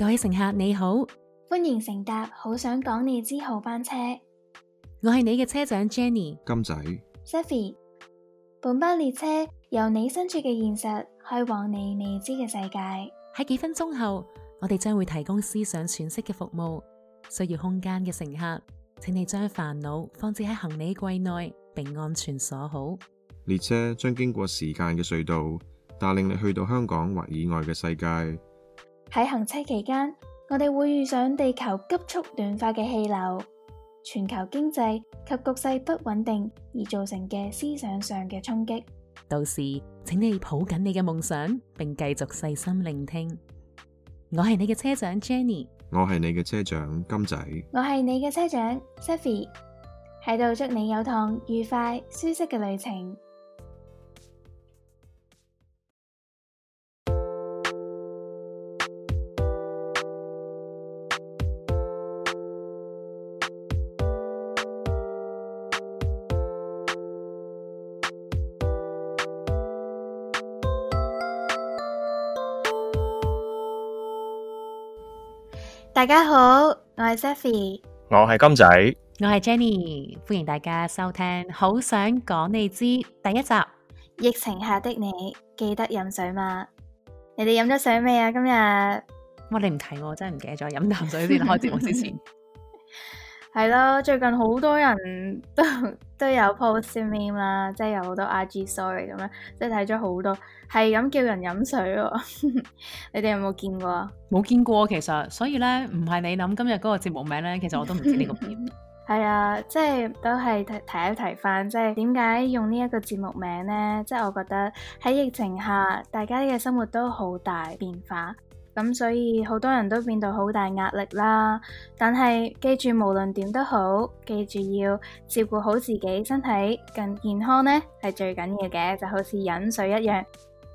各位乘客，你好，歡迎乘搭，好想港你知號班車。我係你嘅車長 Jenny，金仔，Sophie。本班列車由你身處嘅現實開往你未知嘅世界。喺幾分鐘後，我哋將會提供思想詮釋嘅服務。需要空間嘅乘客，請你將煩惱放置喺行李櫃內，並安全鎖好。列車將經過時間嘅隧道，帶領你去到香港或以外嘅世界。喺行車期間，我哋會遇上地球急速暖化嘅氣流、全球經濟及局勢不穩定而造成嘅思想上嘅衝擊。到時，請你抱緊你嘅夢想，並繼續細心聆聽。我係你嘅車長 Jenny，我係你嘅車長金仔，我係你嘅車長 Safi，喺度祝你有趟愉快舒適嘅旅程。大家好，我係 Saffy 我係金仔，我係 Jenny，歡迎大家收聽《好想港你知》第一集。疫情下的你記得飲水嗎？你哋飲咗水未啊？今日。哇，你唔提我，我真係唔記得咗飲啖水先開始我之前。 係咯，最近好多人都都有 post meme 啦，即係有好多 IG story 咁樣，即係睇咗好多係咁叫人飲水喎、哦。 你哋有冇見過啊？冇見過其實，所以咧唔係你諗今日嗰個節目名咧，其實我都唔知呢個片。係啊，即係都係提，提一提翻，即係點解用呢一個節目名咧？即係我覺得喺疫情下，大家嘅生活都好大變化。咁、嗯、所以好多人都變到好大壓力啦。但係記住無論點都好，記住要照顧好自己身體更健康呢係最緊要嘅。就好似飲水一樣，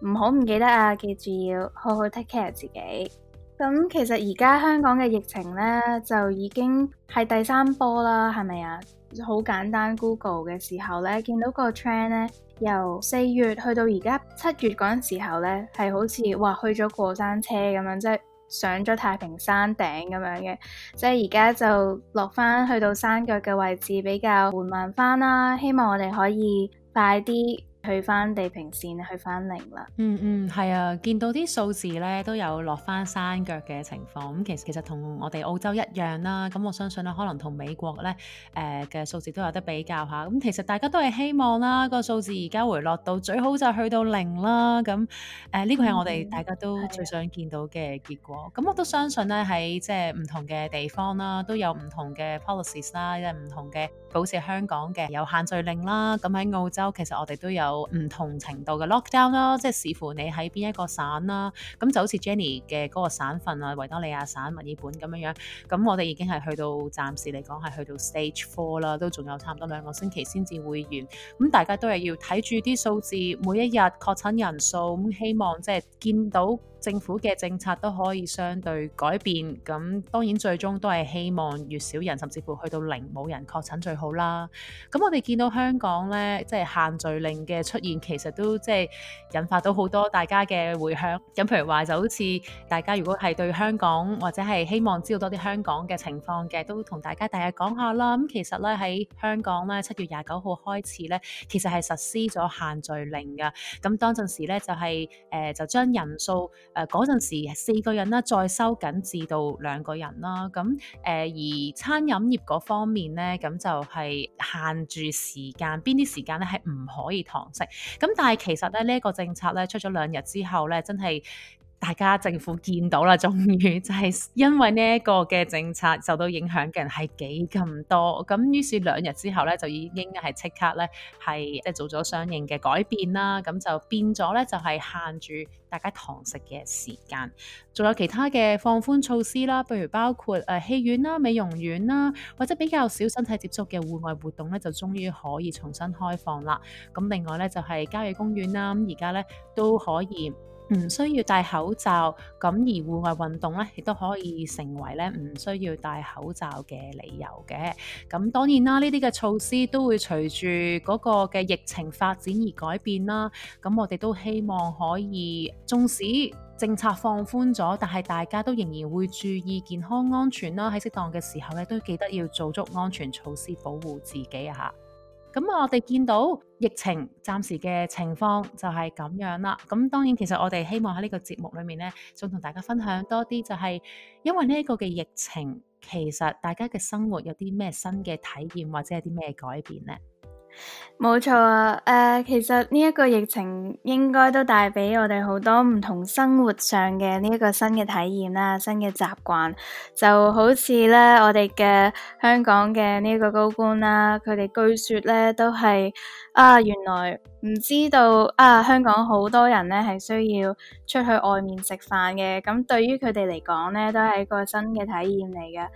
唔好唔記得啊！記住要好好 take care 自己。咁、嗯、其實而家香港嘅疫情呢，就已經係第三波啦，係咪啊？好簡單，Google 嘅時候咧，見到個 trend 咧，由四月去到而家七月嗰陣時候咧，係好似哇去咗過山車咁樣，即係上咗太平山頂咁樣嘅，即係而家就落翻去到山腳嘅位置，比較緩慢翻啦。希望我哋可以快啲。去翻地平線，去翻零啦、嗯。嗯嗯，係啊，見到啲數字咧都有落翻山腳嘅情況。咁、嗯、其實其實同我哋澳洲一樣啦。咁、嗯、我相信咧，可能同美國咧誒嘅數字都有得比較下。咁、嗯、其實大家都係希望啦，個數字而家回落到最好就去到零啦。咁誒呢個係我哋大家都、嗯、最想見到嘅結果。咁、啊、我都相信咧，喺即係唔同嘅地方啦，都有唔同嘅 policies 啦，因為唔同嘅保持香港嘅有限聚令啦。咁、嗯、喺、嗯嗯嗯、澳洲其實我哋都有。唔同程度嘅 lockdown 咯，即係視乎你喺邊一個省啦。咁就好似 Jenny 嘅嗰個省份啊，維多利亞省、墨爾本咁樣樣。咁我哋已經係去到暫時嚟講係去到 stage four 啦，都仲有差唔多兩個星期先至會完。咁大家都係要睇住啲數字，每一日確診人數。咁希望即係見到。政府嘅政策都可以相對改變，咁當然最終都係希望越少人，甚至乎去到零冇人確診最好啦。咁我哋見到香港咧，即係限聚令嘅出現，其實都即係引發到好多大家嘅回響，咁譬如話就好似大家如果係對香港或者係希望知道多啲香港嘅情況嘅，都同大家大概講下啦。咁其實咧，喺香港咧，七月廿九號開始咧，其實係實，實施咗限聚令嘅。咁當陣時咧就係、是、誒、呃，就將人數。誒嗰陣時四個人啦，再收緊至到兩個人啦。咁、嗯、誒、呃、而餐飲業嗰方面咧，咁、嗯、就係、是、限住時間，邊啲時間咧係唔可以堂食。咁、嗯、但係其實咧呢一、這個政策咧出咗兩日之後咧，真係。大家政府見到啦，終於就係因為呢一個嘅政策受到影響嘅人係幾咁多，咁於是兩日之後咧就已經係即刻咧係即係做咗相應嘅改變啦，咁就變咗咧就係、是、限住大家堂食嘅時間，仲有其他嘅放寬措施啦，譬如包括誒戲、呃、院啦、美容院啦，或者比較少身體接觸嘅戶外活動咧，就終於可以重新開放、就是、啦。咁另外咧就係郊野公園啦，咁而家咧都可以唔需要戴口罩，咁而戶外運動咧，亦都可以成為咧唔需要戴口罩嘅理由嘅。咁當然啦，呢啲嘅措施都會隨住嗰個嘅疫情發展而改變啦。咁我哋都希望可以，縱使政策放寬咗，但係大家都仍然會注意健康安全啦，啊。喺適當嘅時候咧，都記得要做足安全措施保護自己啊！嚇。咁我哋見到疫情暫時嘅情況就係咁樣啦。咁當然，其實我哋希望喺呢個節目裏面咧，想同大家分享多啲，就係因為呢個嘅疫情，其實大家嘅生活有啲咩新嘅體驗，或者係啲咩改變咧？冇錯啊！誒、呃，其實呢一個疫情，應該都帶俾我哋好多唔同生活上嘅呢一個新嘅體驗啦，新嘅習慣，就好似咧我哋嘅香港嘅呢個高官啦，佢哋據說咧都係啊，原來唔知道啊香港好多人咧係需要出去外面食飯嘅，咁對於佢哋嚟講咧都係一個新嘅體驗嚟嘅，誒、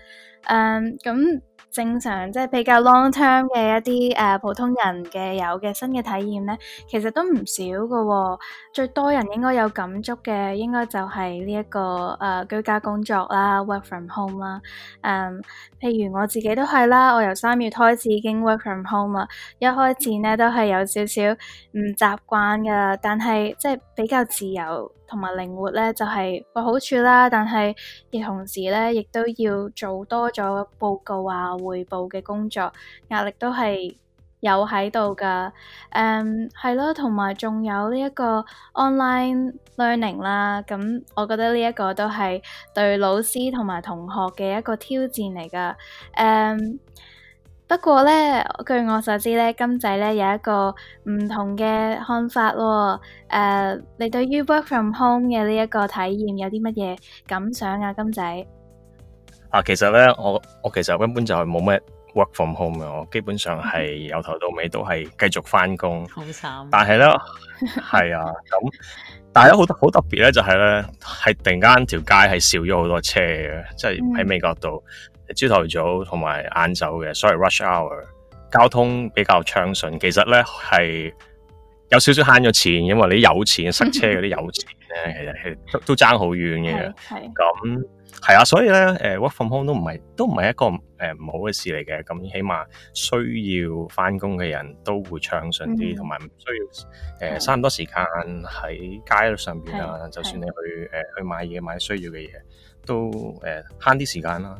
嗯、咁。嗯嗯正常即係比較 long term 嘅一啲誒、uh, 普通人嘅有嘅新嘅體驗咧，其實都唔少噶、哦。最多人應該有感觸嘅、這個，應該就係呢一個誒居家工作啦，work from home 啦。誒、um,，譬如我自己都係啦，我由三月開始已經 work from home 啦，一開始咧都係有少少唔習慣噶，但係即係比較自由。同埋靈活咧，就係、是、個好處啦。但係，亦同時咧，亦都要做多咗報告啊、匯報嘅工作，壓力都係有喺度㗎。誒、um,，係咯，同埋仲有呢一個 online learning 啦。咁、嗯，我覺得呢一個都係對老師同埋同學嘅一個挑戰嚟㗎。誒、um,。不過咧，據我所知咧，金仔咧有一個唔同嘅看法咯。誒，你對於 work from home 嘅呢一個體驗有啲乜嘢感想啊？金仔？啊，其實咧，我我其實根本就係冇咩 work from home 嘅，我基本上係由頭到尾都係繼續返工。好慘！但係咧，係啊，咁但係咧好特好特別咧，就係咧係突然間條街係少咗好多車嘅，即係喺美國度。朝頭早同埋晏晝嘅，sorry rush hour 交通比較暢順。其實咧，係有少少慳咗錢，因為你有錢塞車嗰啲有錢咧，其實係都都爭好遠嘅。咁係啊，所以咧，誒 work from home 都唔係都唔係一個誒唔好嘅事嚟嘅。咁起碼需要翻工嘅人都會暢順啲，同埋唔需要誒，嘥咁多時間喺街度上邊啊。就算你去誒去買嘢買需要嘅嘢，都誒慳啲時間啦。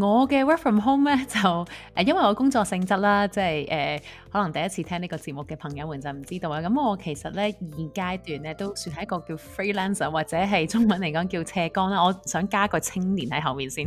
我嘅 work from home 咧，就誒因為我工作性質啦，即係誒、呃、可能第一次聽呢個節目嘅朋友們就唔知道啊。咁我其實咧現階段咧都算係一個叫 freelancer 或者係中文嚟講叫斜槓啦。我想加個青年喺後面先，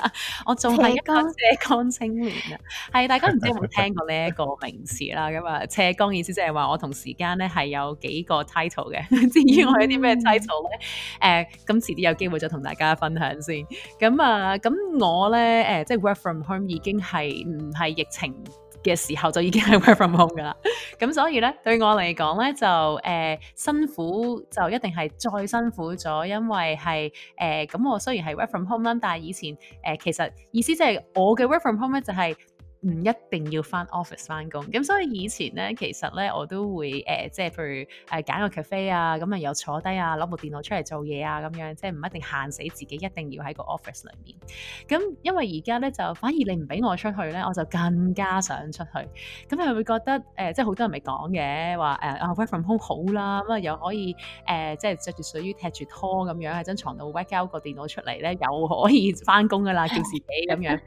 我仲係一個斜槓青年啊。係 大家唔知有冇聽過呢一個名詞啦？咁啊，斜槓意思即係話我同時間咧係有幾個 title 嘅。 至於我有啲咩 title 咧？誒咁遲啲有機會再同大家分享先。咁啊，咁、呃、我咧。咧誒，即係 work from home 已經係，唔係疫情嘅時候就已經係 work from home 㗎啦，咁所以咧對我嚟講咧就誒辛苦就一定係再辛苦咗，因為係誒咁我雖然係 work from home 啦，但係以前誒其實意思即係我嘅 work from home 咧就係。唔一定要翻 office 翻工，咁所以以前咧，其實咧我都會誒即係譬如誒揀、呃、個 cafe 啊，咁啊又坐低啊，攞部電腦出嚟做嘢啊，咁樣即係唔一定限死自己，一定要喺個 office 裏面。咁因為而家咧就反而你唔俾我出去咧，我就更加想出去。咁你會覺得誒、呃、即係好多人咪講嘅話誒、呃、work from home 好啦，咁啊又可以誒即係着住水魚，踢住拖咁樣喺張床度 work out 個電腦出嚟咧，又可以翻工噶啦，叫、呃、自己咁樣，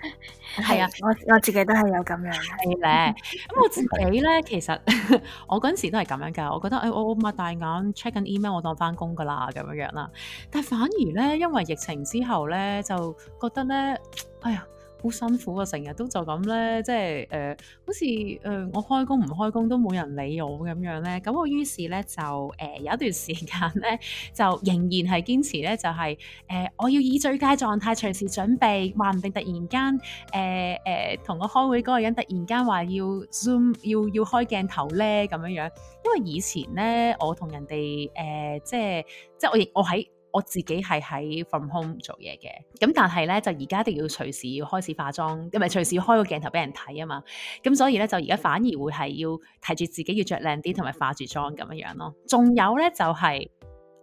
係 是啊，我我自己都係。我會有咁樣，係咧。咁 我自己咧，其實 我嗰陣時都係咁樣噶。我覺得，誒、哎，我我擘大眼 check 緊 email，我當翻工噶啦咁樣樣啦。但係反而咧，因為疫情之後咧，就覺得咧，哎呀～好辛苦啊！成日都就咁咧，即係誒、呃，好似誒、呃、我開工唔開工都冇人理我咁樣咧。咁我於是咧就誒、呃、有一段時間咧，就仍然係堅持咧，就係、是、誒、呃、我要以最佳狀態隨時準備。話唔定突然間誒誒同我開會嗰個人突然間話要 Zoom 要要開鏡頭咧咁樣樣。因為以前咧我同人哋誒、呃、即係即係我亦我喺。我自己係喺 from home 做嘢嘅，咁但係咧就而家一定要隨時要開始化妝，因為隨時要開個鏡頭俾人睇啊嘛，咁所以咧就而家反而會係要睇住自己要着靚啲，同埋化住妝咁樣樣咯。仲有咧就係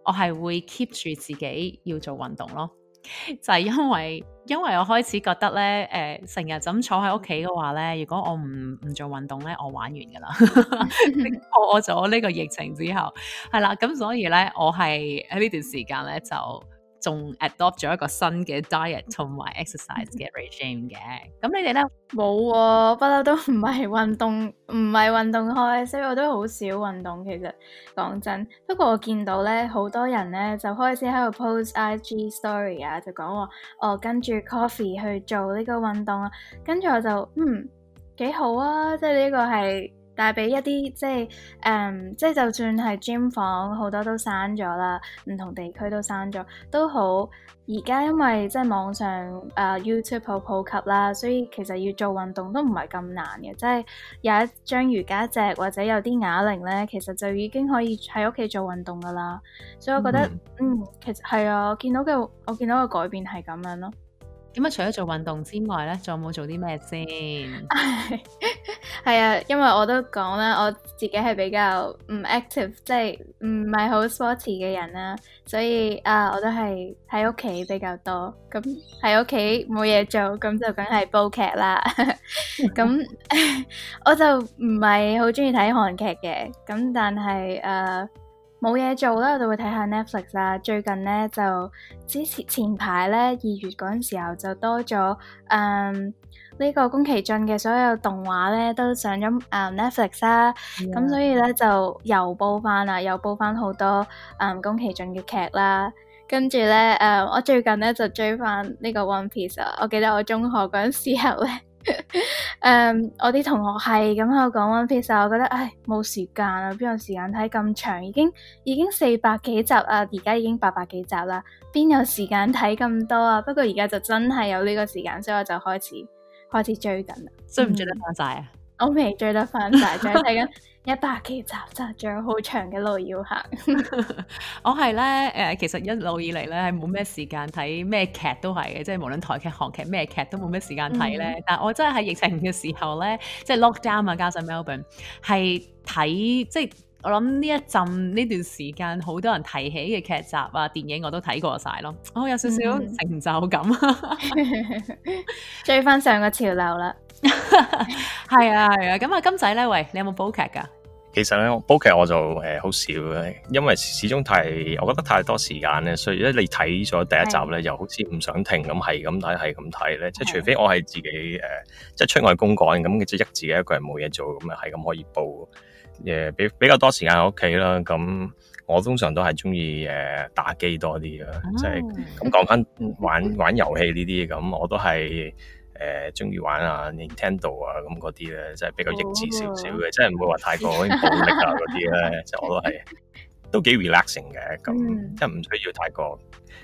我係會 keep 住自己要做運動咯，就係因為。因為我開始覺得咧，誒成日咁坐喺屋企嘅話咧，如果我唔唔做運動咧，我玩完㗎喇。我過咗呢個疫情之後，係啦，咁所以咧，我係喺呢段時間咧就。仲 adopt 咗一個新嘅 diet 同埋 exercise 嘅 regime 嘅，咁 你哋咧冇，啊、不嬲都唔係運動，唔係運動開，所以我都好少運動。其實講真，不過我見到咧，好多人咧就開始喺度 post IG story 啊，就講話我跟住 coffee 去做呢個運動啊，跟住我就嗯幾好啊，即係呢個係。帶俾一啲即係誒，即係、嗯、就算係 gym 房好多都閂咗啦，唔同地區都閂咗都好。而家因為即係網上誒、呃、YouTube 好普及啦，所以其實要做運動都唔係咁難嘅，即係有一張瑜伽席或者有啲啞鈴咧，其實就已經可以喺屋企做運動噶啦。所以我覺得嗯，嗯，其實係啊，我見到嘅我見到嘅改變係咁樣咯。咁啊，除咗做運動之外咧，仲有冇做啲咩先？係 啊，因為我都講啦，我自己係比較唔 active，即係唔係好 sporty 嘅人啦，所以啊，我都係喺屋企比較多。咁喺屋企冇嘢做，咁就梗係煲劇啦。咁 那 我就唔係好中意睇韓劇嘅，咁但係誒。啊冇嘢做啦，我哋會睇下 Netflix 啦。最近咧就之前前排咧二月嗰陣時候就多咗誒呢個宮崎駿嘅所有動畫咧都上咗誒、嗯、Netflix 啦。咁 Yeah. 所以咧就又播翻啦，又播翻好多誒宮、嗯、崎駿嘅劇啦。跟住咧誒我最近咧就追翻呢個 One Piece 啊。我記得我中學嗰陣時候咧。 誒、 um，我啲同學係咁喺度講 One Piece，我覺得唉冇時間啊，邊有時間睇咁長？已經已經四百幾集啦，而家已經八百幾集啦，邊有時間睇咁多啊？不過而家就真係有呢個時間，所以我就開始開始追緊啦。追唔追得翻晒啊？ 我未追得翻晒，仲睇緊。一百幾集就仲有好長嘅路要行， 我係咧誒，其實一路以嚟咧係冇咩時間睇咩劇都係嘅，即係無論台劇、韓劇咩劇都冇咩時間睇咧。嗯、但係我真係喺疫情嘅時候咧，即係 lockdown 啊，加上 Melbourne 係睇即係。我諗呢一陣呢段時間，好多人提起嘅劇集啊、電影我都睇過晒咯，我、哦、有少少成就感、嗯， 追翻上個潮流啦。係啊係啊，咁啊金仔咧，喂，你有冇煲劇噶？其實咧煲劇我就誒、呃、好少，嘅，因為始終太我覺得太多時間咧，所以咧你睇咗第一集咧，又的好似唔想停咁，係咁睇係咁睇咧，即係除非我係自己誒、呃，即係出外公幹咁，即係一自己一個人冇嘢做，咁啊係咁可以煲。誒比、yeah, 比較多時間喺屋企啦，咁我通常都係鍾意誒打機多啲嘅，oh. 就係、是、咁講返玩玩遊戲呢啲咁，我都係誒鍾意玩啊 Nintendo 啊咁嗰啲咧，即係、就是、比較益智少少嘅，oh. 即係唔會話太過暴力啊嗰啲咧， 就我都係都幾 relaxing 嘅，咁即係唔需要太過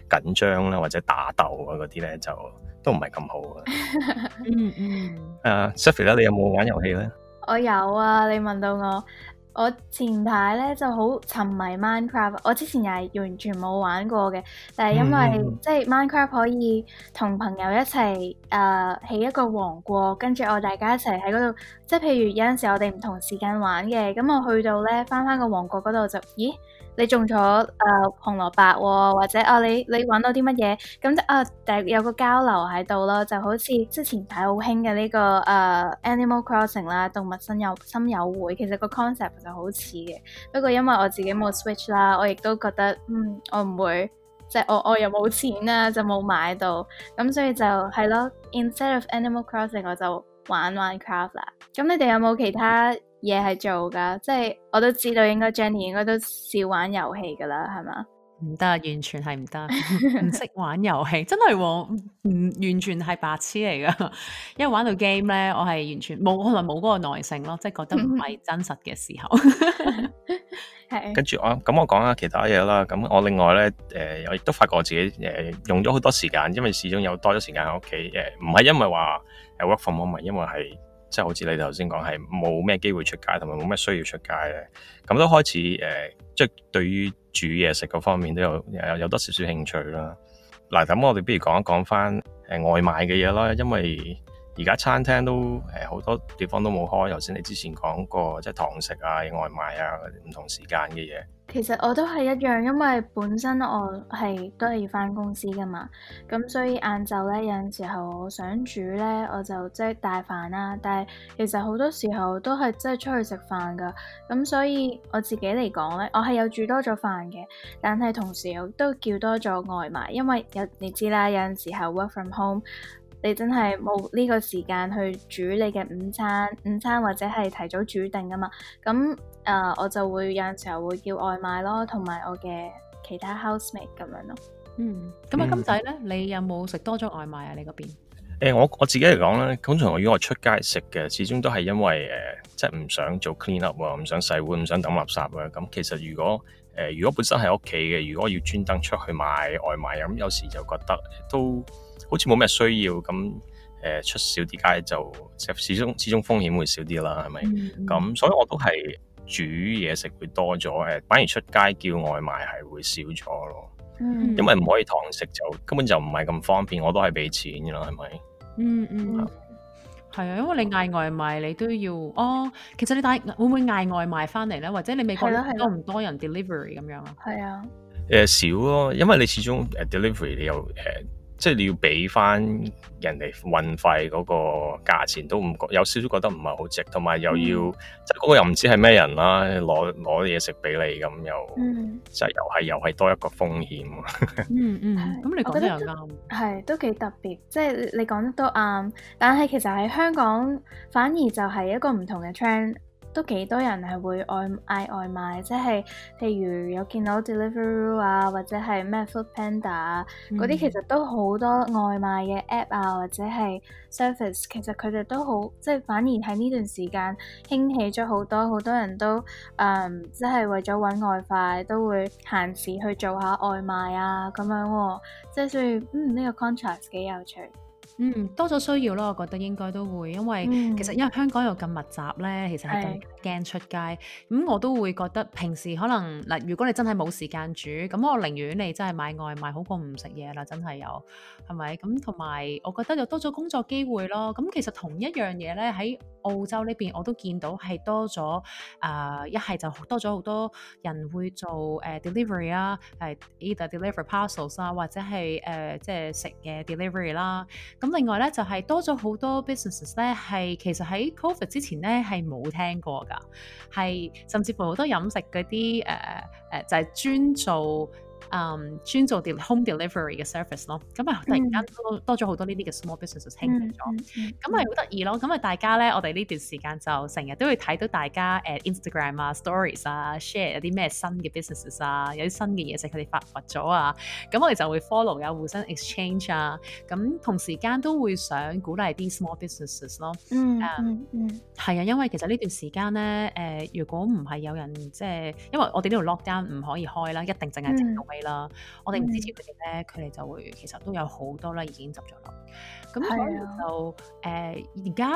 緊張啦，或者打鬥啊嗰啲咧，就都唔係咁好嘅。嗯嗯。誒，Sophie 啦，你有冇玩遊戲咧？我有啊，你問到我，我前排咧就好沉迷 Minecraft，我之前又係完全冇玩過嘅，但係因為、嗯、即係 Minecraft 可以同朋友一齊誒起、呃、一個王國，跟住我大家一齊喺嗰度，即係譬如有陣時我哋唔同時間玩嘅，咁我去到咧翻翻個王國嗰度就，咦？你種咗誒紅蘿蔔喎、哦，或者啊你你揾到啲乜嘢，咁就啊第有個交流喺度咯，就好似之前睇好興嘅呢個誒、呃、Animal Crossing 啦，動物森友，森友會，其實個 concept 就好似嘅。不過因為我自己冇 switch 啦，我亦都覺得嗯我唔會，即、就、係、是、我我又冇錢啦、啊，就冇買到。咁所以就係咯，Instead of Animal Crossing 我就玩 Minecraft 啦。咁你哋有冇其他？嘢係做噶即係我都知道，應該 Jenny 應該都少玩遊戲噶啦，係嘛？唔得，完全係唔 得，唔識玩遊戲，真係，嗯，完全係白痴嚟噶。因為玩到 game 咧，我係完全冇，可能冇嗰個耐性咯，即係覺得唔係真實嘅時候。係。跟住我咁，我講下其他嘢啦。咁我另外咧，誒、呃，我亦都發覺自己誒、呃、用咗好多時間，因為始終有多咗時間喺屋企。誒、呃，唔係因為話誒、呃、work from home，唔係因為係。即係好似你頭先講，係冇咩機會出街，同埋冇咩需要出街咧，咁都開始誒、呃，即係對於煮嘢食嗰方面都有有有多少少興趣啦。嗱，咁我哋不如講一講翻誒外賣嘅嘢啦，因為而家餐廳都誒好、呃、多地方都冇開，頭先你之前講過即係堂食啊、外賣啊、唔同時間嘅嘢。其實我都係一樣，因為本身我係都係要翻公司噶嘛，咁所以晏晝咧有陣時候我想煮咧，我就即係帶飯啦。但係其實好多時候都係即係出去食飯噶，咁所以我自己嚟講咧，我係有煮多咗飯嘅，但係同時我都叫多咗外賣，因為有你知啦，有陣時候 work from home，你真係冇呢個時間去煮你嘅午餐、午餐或者係提早煮定噶嘛，咁。誒，uh, 我就會有陣時候會叫外賣咯，同埋我嘅其他 housemate 咁樣咯。嗯，咁啊金仔咧，你有冇食多咗外賣啊？你嗰邊、嗯呃？我我自己嚟講咧，通常我如果我出街食嘅，始終都係因為誒、呃，即係唔想做 clean up 喎，唔想洗碗，唔想抌垃圾啊。咁其實如果誒、呃，如果本身係屋企嘅，如果要專登出去買外賣咁，有時就覺得都好似冇咩需要咁誒、呃，出少啲街就始終始終風險會少啲啦，係咪？咁所以我都係。嗯煮嘢食會多咗，誒，反而出街叫外賣係會少咗咯。嗯，因為唔可以堂食就根本就唔係咁方便，我都係俾錢㗎喇，係咪、嗯？嗯嗯，係啊，因為你嗌外賣，你都要哦。其實你帶會唔會嗌外賣翻嚟咧？或者你美國人多唔多人 delivery 咁樣啊？係啊，誒、呃、少咯，因為你始終誒、呃、delivery 你又誒。呃即係你要俾翻人哋運費嗰個價錢都唔覺有少少覺得唔係好值，同埋又要、嗯、即係嗰個又唔知係咩人啦，攞攞嘢食俾你咁又，就、嗯、又係又係多一個風險。嗯 嗯，咁、嗯、你講覺得啱，係、嗯、都幾特別，即、就、係、是、你，你講得都啱。但係其實喺香港反而就係一個唔同嘅 trend 都幾多人係會外嗌外賣，即係譬如有見到 Deliveroo 啊，或者係咩 Food Panda 啊，嗰啲、嗯、其實都好多外賣嘅 app 啊，或者係 service 其實佢哋都好，即係反而喺呢段時間興起咗好多，好多人都誒、嗯，即係為咗揾外快都會閒時去做下外賣啊咁樣啊，即係所以嗯呢、呢個 contrast 幾有趣。嗯，多咗需要咯，我覺得應該都會，因為其實因為香港又咁密集呢，其實係。驚出街咁、嗯，我都會覺得平時可能嗱、呃，如果你真係冇時間煮，咁我寧願你真係買外賣買好過唔食嘢啦，真係有係咪？咁同埋我覺得又多咗工作機會咯。咁、嗯、其實同一樣嘢咧，喺澳洲呢邊我都見到係多咗啊、呃！一係就多咗好多人會做誒 delivery 啊，係、呃、Del either delivery parcels 啊，或者係誒、呃、即係食嘅 delivery 啦。咁、嗯、另外咧就係、是、多咗好多 businesses 咧，係其實喺 Covid 之前咧係冇聽過㗎。係，甚至乎好多飲食嗰啲誒誒，就係、是、專做。嗯，um, 專做啲 de home delivery 嘅 service 咯，咁啊突然間多咗好、嗯、多呢啲嘅 small businesses 興起咗，咁咪好得意咯。咁啊大家咧，我哋呢段時間就成日都會睇到大家誒 Instagram 啊、Stories 啊、share 有啲咩新嘅 businesses 啊，有啲新嘅嘢食佢哋發掘咗啊。咁我哋就會 follow 啊，互相 exchange 啊。咁同時間都會想鼓勵啲 small businesses 咯。嗯，係啊、um, 嗯，因為其實呢段時間咧，誒、呃、如果唔係有人即係，因為我哋呢度 lockdown 唔可以開啦，一定淨係停啦，我哋唔支持佢哋咧，佢哋就會，其實都有好多啦，已經執咗啦。咁就誒，而家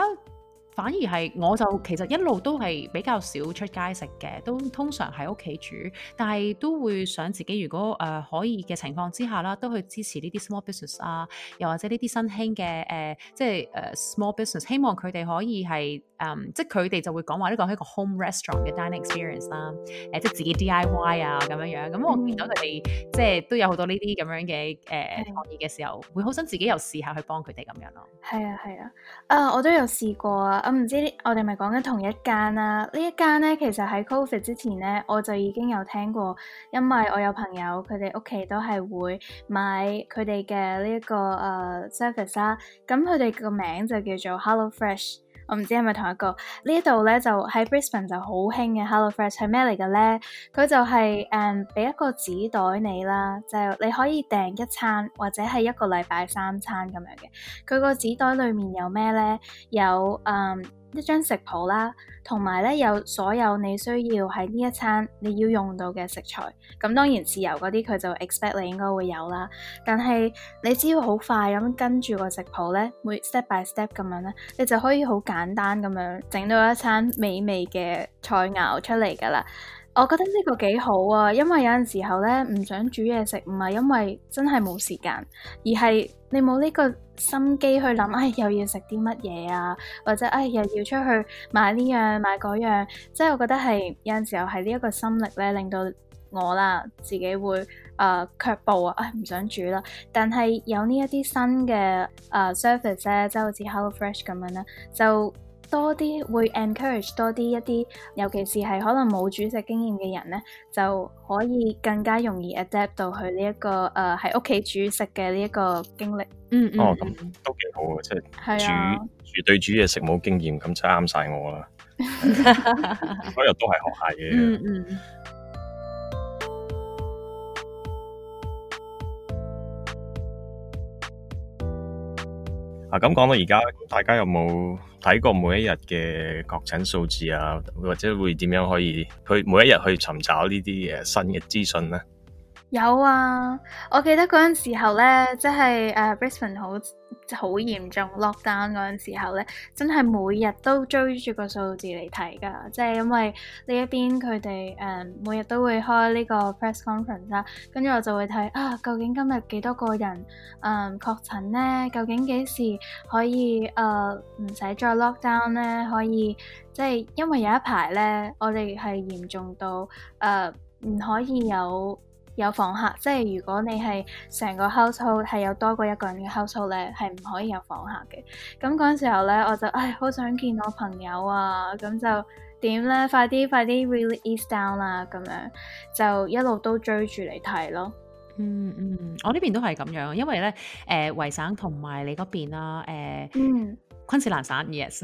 反而係我就其實一路都係比較少出街食嘅，都通常喺屋企煮。但係都會想自己如果誒可以嘅情況之下啦，都去支持呢啲 small business 啊，又或者呢啲新興嘅誒，即係誒 small business，希望佢哋可以係。Um, 即係佢哋就會講話呢個係一個 home restaurant 嘅 dining experience 啦。誒，即係自己 D I Y 啊，咁樣樣咁、啊。我見到佢哋即係都有好多呢啲咁樣嘅誒創意嘅時候，呃嗯、會好想自己又試下去幫佢哋咁樣咯。係啊，係啊，啊，我都有試過啊。我唔知我哋咪講緊同一間啦、啊。呢一間咧，其實喺 COVID 之前咧，我就已經有聽過，因為我有朋友佢哋屋企都係會買佢哋嘅呢一個誒、呃、service 啦、啊。咁佢哋個名就叫做 Hello Fresh。我唔知係咪同一個呢度咧，就喺 Brisbane 就好興嘅 HelloFresh 係咩嚟嘅咧？佢就係誒俾一個紙袋你啦，就係、你可以訂一餐或者係一個禮拜三餐咁樣嘅。佢個紙袋裡面有咩咧？有誒。嗯一張食譜啦，同埋咧有所有你需要喺呢一餐你要用到嘅食材，咁當然豉油嗰啲佢就 expect 你應該會有啦。但係你只要好快咁跟住個食譜咧，每 step by step 咁樣咧，你就可以好簡單咁樣整到一餐美味嘅菜餚出嚟噶啦。我覺得呢個幾好啊，因為有陣時候咧唔想煮嘢食，唔係因為真係冇時間，而係你冇呢個心機去諗，唉、哎，又要食啲乜嘢啊？或者唉、哎，又要出去買呢樣買嗰樣，即係我覺得係有陣時候係呢一個心力咧，令到我啦自己會誒、呃、卻步啊，唉、哎，唔想煮啦。但係有、呃、呢一啲新嘅誒 service 咧，即係好似 HelloFresh 咁樣咧，就～多啲會 encourage 多啲一啲，尤其是係可能冇煮食經驗嘅人咧，就可以更加容易 adapt 到佢呢一個誒喺屋企煮食嘅呢一個經歷。嗯，嗯。哦，咁都幾好嘅，即係、啊、煮絕對煮嘢食冇經驗，咁就啱晒我啦。今日都係學下嘢。嗯嗯。啊，咁講到而家，大家有冇睇過每一日嘅確診數字啊？或者會點樣可以佢每一日去尋找呢啲新嘅資訊呢？有啊，我記得嗰陣時候咧，即係誒、uh, Brisbane 好好嚴重 lock down 嗰陣時候咧，真係每日都追住個數字嚟睇㗎，即係因為呢一邊佢哋誒每日都會開呢個 press conference 啦、啊，跟住我就會睇啊，究竟今日幾多個人誒、嗯、確診咧？究竟幾時可以誒唔使再 lock down 咧？可以即係因為有一排咧，我哋係嚴重到誒唔、呃、可以有。有房客，即係如果你係成個 household 係有多過一個人嘅 household 咧，係唔可以有房客嘅。咁嗰陣時候咧，我就唉好、哎、想見我朋友啊，咁就點咧？快啲快啲 r e l、really、ease down 啦、啊，咁樣就一路都追住嚟睇咯。嗯嗯，我呢邊都係咁樣，因為咧誒、呃，維省同埋你嗰邊啦，誒、呃。嗯昆士蘭省，yes，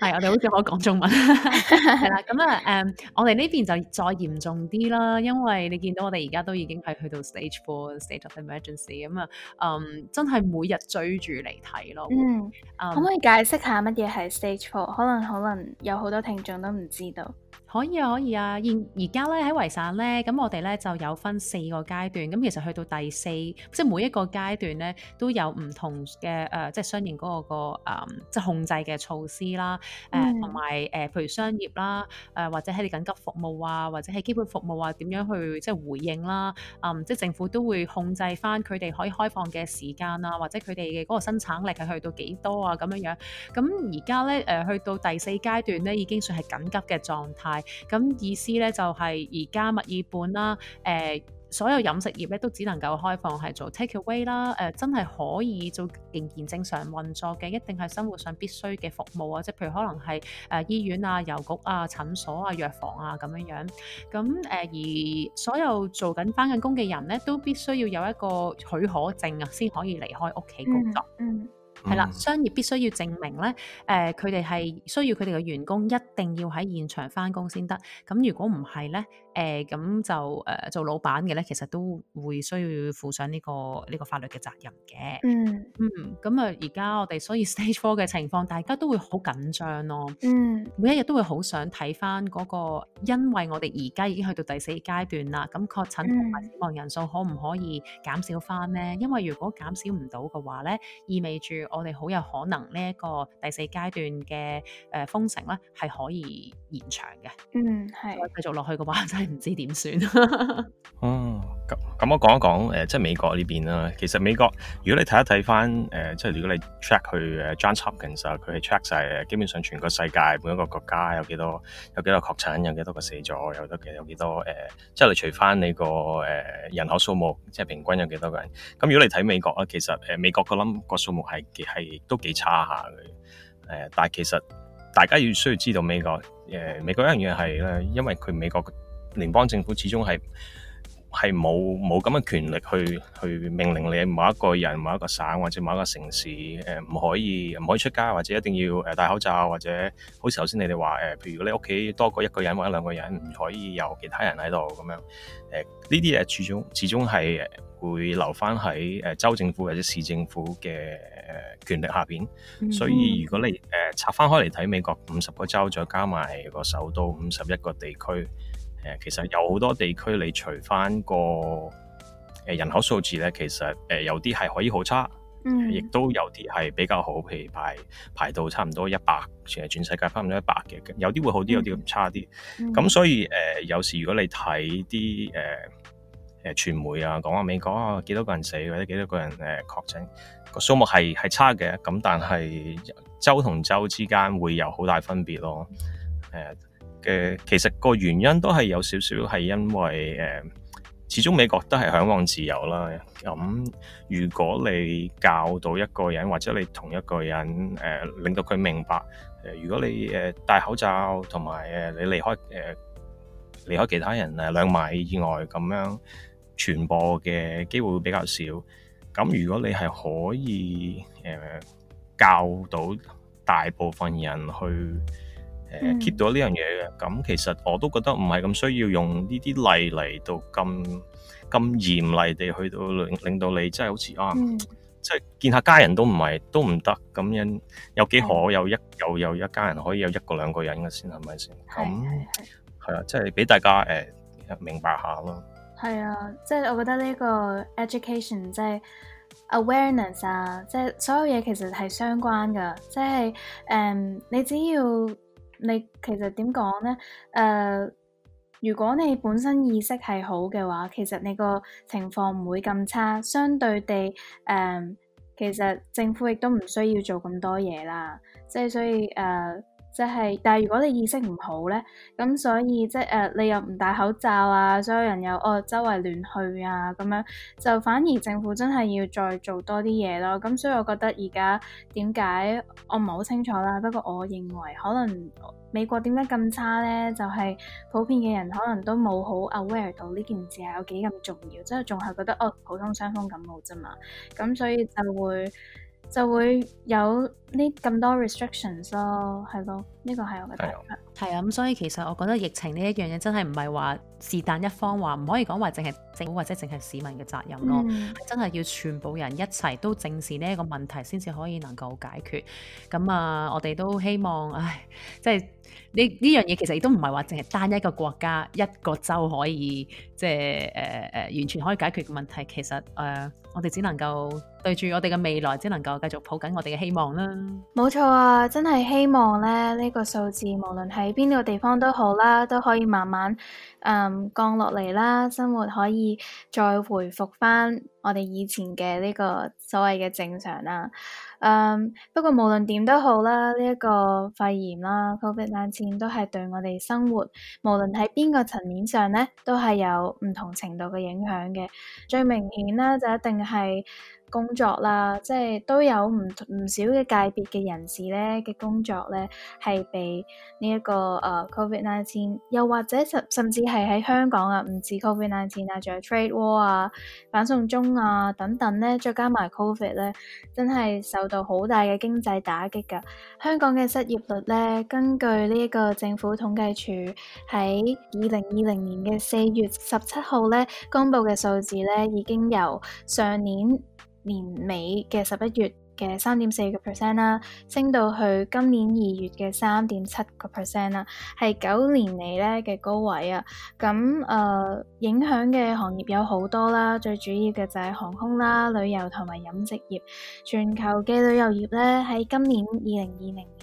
係， 我哋好似可講中文，係 啦，咁啊，誒，我哋呢邊就再嚴重啲啦，因為你見到我哋而家都已經係去到 stage four，state of emergency，咁啊，嗯，真係每日追住嚟睇咯，嗯，um, 可唔可以解釋下乜嘢係 stage four？可能可能有好多聽眾都唔知道。可以啊，可以啊。而而家咧喺維省咧，咁我哋咧就有分四個階段。咁其實去到第四，即係每一個階段咧都有唔同嘅誒、呃，即係相應嗰個個、嗯、即係控制嘅措施啦。誒同埋誒，譬如商業啦，誒、呃、或者係啲緊急服務啊，或者係基本服務啊，點樣去即係回應啦。嗯，即係政府都會控制翻佢哋可以開放嘅時間啦，或者佢哋嘅嗰個生產力係去到幾多啊咁樣樣。咁而家咧誒去到第四階段咧，已經算係緊急嘅狀態。咁意思咧就係而家墨爾本啦，誒、呃、所有飲食業咧都只能夠開放係做 takeaway 啦，誒、呃、真係可以做仍然正常運作嘅，一定係生活上必須嘅服務啊，即係譬如可能係誒、呃、醫院啊、郵局啊、診所啊、藥房啊咁樣樣。咁誒、呃、而所有做緊返緊工嘅人咧，都必須要有一個許可證啊，先可以離開屋企工作。嗯。嗯。係啦，嗯、商業必須要證明咧，誒佢哋係需要佢哋嘅員工一定要喺現場翻工先得。咁如果唔係咧，誒、呃、咁就誒、呃、做老闆嘅咧，其實都會需要負上呢、呢個呢、呢個法律嘅責任嘅、嗯嗯。嗯嗯，咁啊而家我哋所以 stage four 嘅情況，大家都會好緊張咯。嗯，每一日都會好想睇翻嗰個，因為我哋而家已經去到第四階段啦。咁確診同埋死亡人數可唔可以減少翻咧、嗯嗯嗯？因為如果減少唔到嘅話咧，意味住。我哋好有可能呢一個第四階段嘅誒封城咧，係可以延長嘅。嗯，係。再繼續落去嘅話，真係唔知點算。哦，咁 咁、 嗯、我講一講誒、呃，即係美國呢邊啦。其實美國如果你睇一睇翻誒，即係如果你 check 去誒 Johns Hopkins 佢係 check 曬誒，基本上全個世界每一個國家有幾多，有幾多確診，有幾多個死咗，有得幾，有幾多誒、呃，即係你除翻你個誒人口數目，即係平均有幾多個人。咁如果你睇美國啊，其實誒、呃、美國個冧個數目係幾？係都幾差下嘅，誒！但係其實大家要需要知道美國，誒美國一樣嘢係咧，因為佢美國聯邦政府始終係。係冇冇咁嘅權力去去命令你某一個人、某一個省或者某一個城市誒，唔可以唔可以出街，或者一定要誒戴口罩，或者好似頭先你哋話誒，譬如你屋企多過一個人或者兩個人，唔可以有其他人喺度咁樣誒。呢啲誒始終始終係會留翻喺誒州政府或者市政府嘅誒權力下邊。Mm hmm. 所以如果你誒拆翻開嚟睇美國五十個州，再加埋個首都五十一個地區。誒，其實有好多地區，你除翻個誒人口數字咧，其實誒有啲係可以好差，亦、嗯、都有啲係比較好，譬如排排到差唔多一百，全全世界差唔多一百嘅，有啲會好啲，有啲唔差啲。咁、嗯、所以誒、呃，有時如果你睇啲誒誒傳媒啊，講話美國啊、哦、幾多個人死或者幾多個人誒確診個數目係係差嘅，咁但係州同州之間會有好大分別咯，誒、呃。嗯嘅，其實個原因都係有少少係因為誒、呃，始終美國都係向往自由啦。咁如果你教到一個人，或者你同一個人誒、呃，令到佢明白誒、呃，如果你誒戴口罩同埋誒你離開誒、呃、離開其他人誒兩米以外，咁樣傳播嘅機會比較少。咁如果你係可以誒、呃、教到大部分人去。keep 到呢樣嘢嘅，咁、嗯、其實我都覺得唔係咁需要用呢啲例嚟到咁咁嚴厲地去到令，令到你真，即係好似啊，即係、嗯、見下家人都唔係都唔得，咁樣有幾何、嗯、有一有有一家人可以有一個兩個人嘅先係咪先？咁係、就是呃、啊，即係俾大家誒明白下咯。係啊，即係我覺得呢個 education 即係 awareness 啊，即、就、係、是、所有嘢其實係相關嘅，即係誒你只要。你其實點講咧？誒、呃，如果你本身意識係好嘅話，其實你個情況唔會咁差，相對地誒、呃，其實政府亦都唔需要做咁多嘢啦。即係所以誒。呃即係、就係，但係如果你意識唔好咧，咁所以即係誒，即係 uh，你又唔戴口罩啊，所有人又哦周圍亂去啊，咁樣就反而政府真係要再做多啲嘢咯。咁所以我覺得而家點解我唔係好清楚啦。不過我認為可能美國點解咁差咧，就係、係、普遍嘅人可能都冇好 aware 到呢件事係有幾咁重要，即係仲係覺得哦普通傷風感冒咋嘛，咁所以就會。就會有呢咁多 restrictions 咯，係咯，呢個係我嘅睇法。係啊，咁所以其實我覺得疫情呢一樣嘢真係唔係話是但一方話，唔可以講話淨係政府或者淨係市民嘅責任咯，嗯、真係要全部人一齊都正視呢一個問題先至可以能夠解決。咁啊，我哋都希望，唉，即係。你呢樣嘢，其實亦都唔係話淨係單一個國家一個州可以即係誒誒，完全可以解決嘅問題。其實誒、呃，我哋只能夠對住我哋嘅未來，只能夠繼續抱緊我哋嘅希望啦。冇錯啊，真係希望咧呢、呢個數字無論喺邊個地方都好啦，都可以慢慢嗯、呃、降落嚟啦，生活可以再回復翻我哋以前嘅呢個所謂嘅正常啦。嗯，um, 不過無論點都好啦，呢、這、一個肺炎啦，COVID-19 都係對我哋生活，無論喺邊個層面上咧，都係有唔同程度嘅影響嘅。最明顯咧，就一定係。工作啦，即係都有唔唔少嘅界別嘅人士咧嘅工作咧，係被呢一個誒 COVID-19，又或者甚甚至係喺香港啊，唔止 COVID-19 啊，仲有 trade war 啊、反送中啊等等咧，再加埋 COVID 咧，真係受到好大嘅經濟打擊㗎。香港嘅失業率咧，根據呢一個政府統計處喺二零二零年嘅四月十七號咧公佈嘅數字咧，已經由上年，年尾嘅十一月嘅三點四個 percent 啦，升到去今年二月嘅三點七個 percent 啦，係、啊、九年嚟咧嘅高位啊。咁誒、呃、影響嘅行業有好多啦，最主要嘅就係航空啦、旅遊同埋飲食業，全球嘅旅遊業咧喺今年二零二零年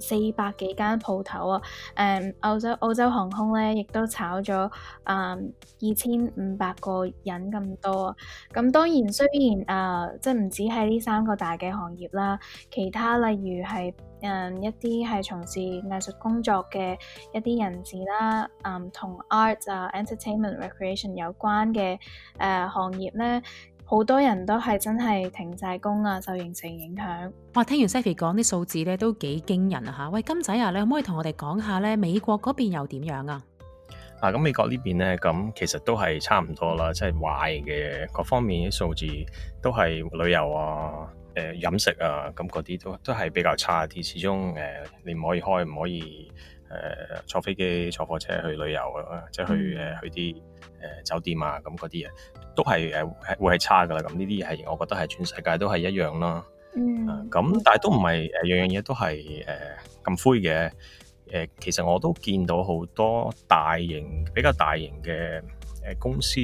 四百幾間鋪頭啊！誒、嗯，澳洲澳洲航空咧，亦都炒咗啊、嗯、二千五百個人咁多。啊、嗯。咁當然，雖然啊、呃，即係唔止係呢三個大嘅行業啦，其他例如係誒、嗯、一啲係從事藝術工作嘅一啲人士啦，嗯，同 art 啊 Entertainment Recreation 有關嘅誒、呃、行業咧。好多人都係真係停晒工啊，受疫情影響。哇！聽完 Safi 講啲數字咧，都幾驚人啊吓。喂，金仔啊，你可唔可以同我哋講下咧？美國嗰邊又點樣啊？啊，咁美國呢邊咧，咁其實都係差唔多啦，即係壞嘅各方面啲數字都係旅遊啊，誒、呃，飲食啊，咁嗰啲都都係比較差啲，始終誒，你唔可以開，唔可以。誒坐飛機、坐火車去旅遊啊，即係去誒去啲誒酒店啊，咁嗰啲嘢都係誒會係差㗎喇。咁呢啲嘢係，我覺得係全世界都係一樣啦。嗯。咁、啊、但係都唔係誒樣樣嘢都係誒咁灰嘅。誒、呃，其實我都見到好多大型比較大型嘅誒公司。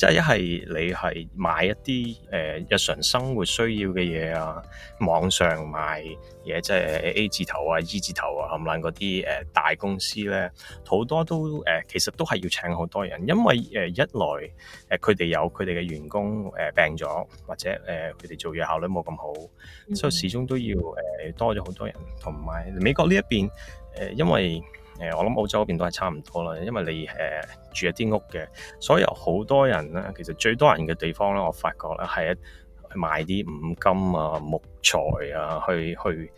即係一係你係買一啲誒、呃、日常生活需要嘅嘢啊，網上買嘢，即係 A 字頭啊、E 字頭啊，冚唪唥嗰啲誒大公司咧，好多都誒、呃、其實都係要請好多人，因為誒、呃、一來誒佢哋有佢哋嘅員工誒、呃、病咗，或者誒佢哋做嘢效率冇咁好，mm hmm. 所以始終都要誒、呃、多咗好多人。同埋美國呢一邊誒、呃，因為誒，我諗澳洲嗰邊都係差唔多啦，因為你誒住一啲屋嘅，所以好多人咧，其實最多人嘅地方咧，我發覺咧係賣啲五金啊、木材啊，去去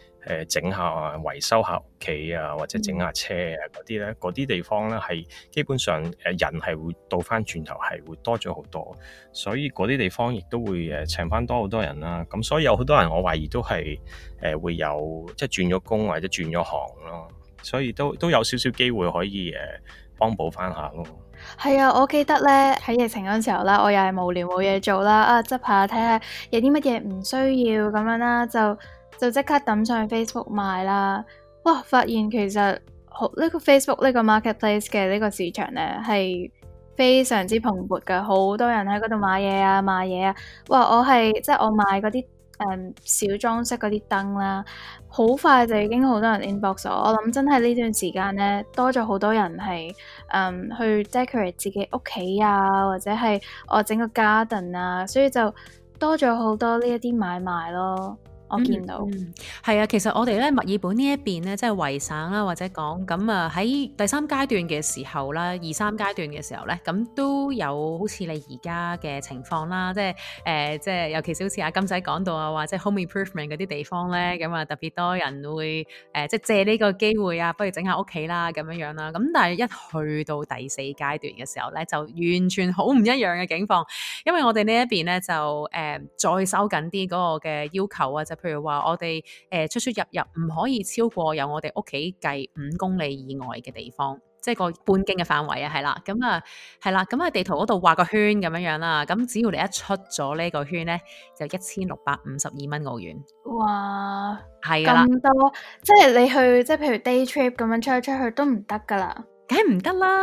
誒整下啊、維修下屋企啊，或者整下車啊嗰啲咧，嗰啲地方咧係基本上誒人係會到翻轉頭係會多咗好多，所以嗰啲地方亦都會誒請翻多好多人啦。咁所以有好多人，我懷疑都係誒、呃、會有即係轉咗工或者轉咗行咯。所以都都有少少機會可以誒幫補翻下咯。係啊，我記得咧喺疫情嗰陣時候啦，我又係無聊冇嘢做啦，啊執下睇下有啲乜嘢唔需要咁樣啦，就就即刻抌上 Facebook 賣啦。哇！發現其實好呢、呢個 Facebook 呢個 marketplace 嘅呢個市場咧係非常之蓬勃噶，好多人喺嗰度買嘢啊，賣嘢啊。哇！我係即係我賣嗰啲。誒小、um，裝飾嗰啲燈啦，好快就已經好多人 inbox 咗。我諗真係呢段時間咧，多咗好多人係誒、um，去 decorate 自己屋企啊，或者係我整個 garden 啊，所以就多咗好多呢一啲買賣咯。我見到，係啊、嗯嗯，其實我哋咧墨爾本邊呢一邊咧，即係維省啦、啊，或者講咁啊，喺第三階段嘅時候啦，二三階段嘅時候咧，咁都有好似你而家嘅情況啦，即係誒、呃，即係尤其是好似阿金仔講到啊，或者 home improvement 嗰啲地方咧，咁、嗯、啊特別多人會誒、呃，即係借呢個機會啊，不如整下屋企啦咁樣樣、啊、啦。咁但係一去到第四階段嘅時候咧，就完全好唔一樣嘅境況，因為我哋呢一邊咧就誒、呃、再收緊啲嗰個嘅要求啊，就譬如話我哋誒、呃、出出入入唔可以超過有我哋屋企計五公里以外嘅地方，即係個半徑嘅範圍啊，係啦，咁啊係啦，咁、嗯、喺、嗯嗯、地圖嗰度畫個圈咁樣樣啦，咁、嗯、只要你一出咗呢個圈咧，就一千六百五十二蚊澳元。哇，係咁了多，即係你去，即係譬如 day trip 咁樣出去出去都唔得噶啦，梗係唔得啦，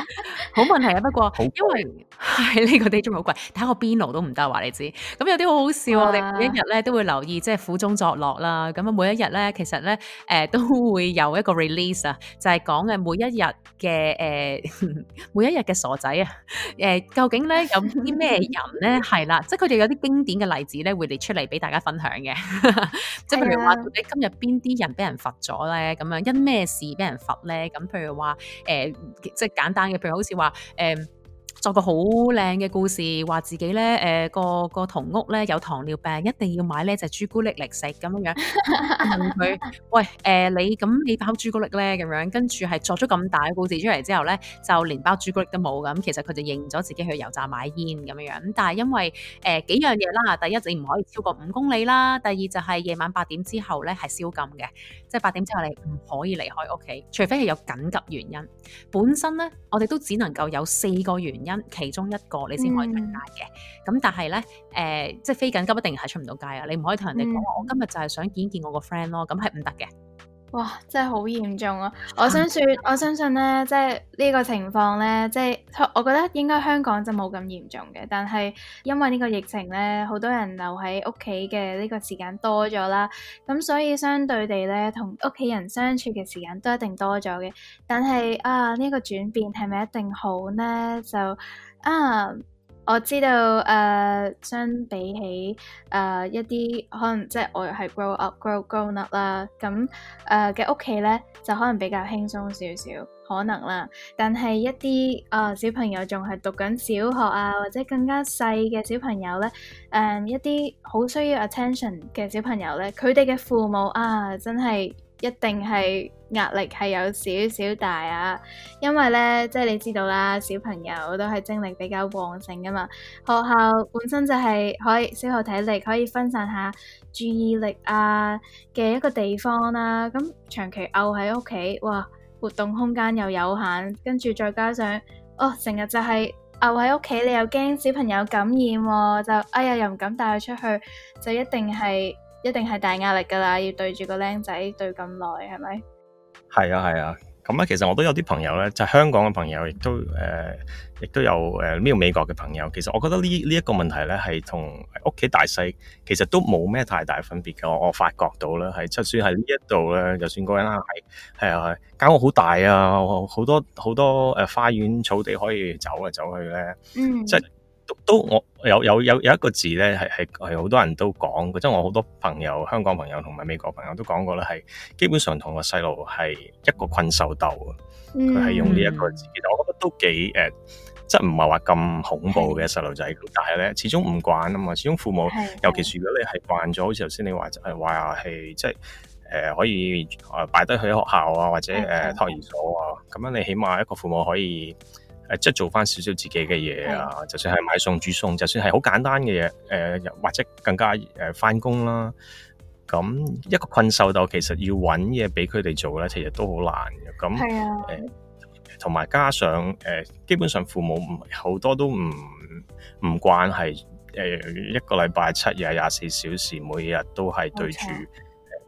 好問題啊，不過棒因為。係呢、呢個 d i 好貴，睇下個邊路都唔得話你知。咁有啲好好笑，啊、我哋每一日咧都會留意，即係苦中作樂啦。咁啊，每一日咧，其實咧，誒、呃、都會有一個 release 啊，就係講嘅每一日嘅誒，每一日嘅傻仔啊，誒、呃，究竟咧有啲咩人咧係啦，即係佢哋有啲經典嘅例子咧，會嚟出嚟俾大家分享嘅、 呃。即係譬如話，你今日邊啲人俾人罰咗咧？咁樣因咩事俾人罰咧？咁譬如話，誒，即係簡單嘅，譬如好似話，誒、呃。作個好靚嘅故事，話自己咧誒、呃、個個同屋咧有糖尿病，一定要買呢隻朱古力嚟食咁樣樣。問佢： 喂誒、呃、你咁你包朱古力咧？咁樣跟住係作咗咁大個故事出嚟之後咧，就連包朱古力都冇。咁其實佢就認咗自己去油站買煙咁樣樣。咁但係因為誒、呃、幾樣嘢啦，第一就唔可以超過五公里啦，第二就係夜晚八點之後咧係宵禁嘅。即係八點之後你唔可以離開屋企，okay？除非係有緊急原因。本身咧，我哋都只能夠有四個原因，其中一個你先可以出街嘅。咁、嗯、但係咧，誒、呃，即係非緊急一定係出唔到街啊！你唔可以同人哋講、嗯、我今日就係想見見我個 friend 咯，咁係唔得嘅。哇！真係好嚴重啊！我相信我相信咧，即係呢個情況咧，即係我覺得應該香港就冇咁嚴重嘅。但係因為呢個疫情咧，好多人留喺屋企嘅呢個時間多咗啦，咁所以相對地咧，同屋企人相處嘅時間都一定多咗嘅。但係啊，呢個轉變係咪一定好呢？就啊～我知道誒、呃，相比起誒、呃、一啲可能即係我係 grow up、grow grown up 啦，咁誒嘅屋企咧就可能比較輕鬆少少，可能啦。但係一啲誒、呃、小朋友仲係讀緊小學啊，或者更加細嘅小朋友咧，誒、呃、一啲好需要 attention 嘅小朋友咧，佢哋嘅父母啊，真係～一定係壓力係有少少大啊，因為咧即係你知道啦，小朋友都係精力比較旺盛噶嘛，學校本身就係可以消耗體力，可以分散下注意力啊嘅一個地方啦、啊。咁、嗯、長期焗喺屋企，哇，活動空間又有限，跟住再加上哦，成日就係焗喺屋企，你又驚小朋友感染喎、啊，就哎呀又唔敢帶佢出去，就一定係。一定係大壓力噶啦，要對住個僆仔對咁耐，係咪？係啊係啊，咁咧，其實我都有啲朋友咧，就香港嘅朋友亦都誒，亦都有誒瞄美國嘅朋友。其實我覺得呢呢一個問題咧，係同屋企大細其實都冇咩太大分別嘅。我我發覺到咧，係就算係呢一度咧，就算個人大係啊間屋好大啊，好多好多誒花園草地可以走嚟走去咧，嗯。即都我有有有有一個字咧，係係係好多人都講過，即、就、係、是、我好多朋友香港朋友同埋美國朋友都講過咧，係基本上同個細路係一個困獸鬥啊。佢係、mm hmm. 用呢一個字，其實我覺得都幾誒、呃，即係唔係話咁恐怖嘅細路仔，mm hmm. 但係咧，始終唔慣啊嘛。始終父母，mm hmm. 尤其是如果你係慣咗，好似頭先你話就係話係即係誒、呃，可以誒擺低去學校啊，或者誒托、呃、兒所啊，咁樣你起碼一個父母可以。誒，即係做翻少少自己嘅嘢啊係嘅。就算係買餸煮餸，就算係好簡單嘅嘢，誒、呃，或者更加誒翻工啦。咁一個困獸鬥，其實要揾嘢俾佢哋做咧，其實都好難嘅。咁誒，同埋係啊、呃、加上誒、呃，基本上父母唔好多都唔唔慣係。誒、呃，一個禮拜七日廿四小時，每日都係對住。Okay.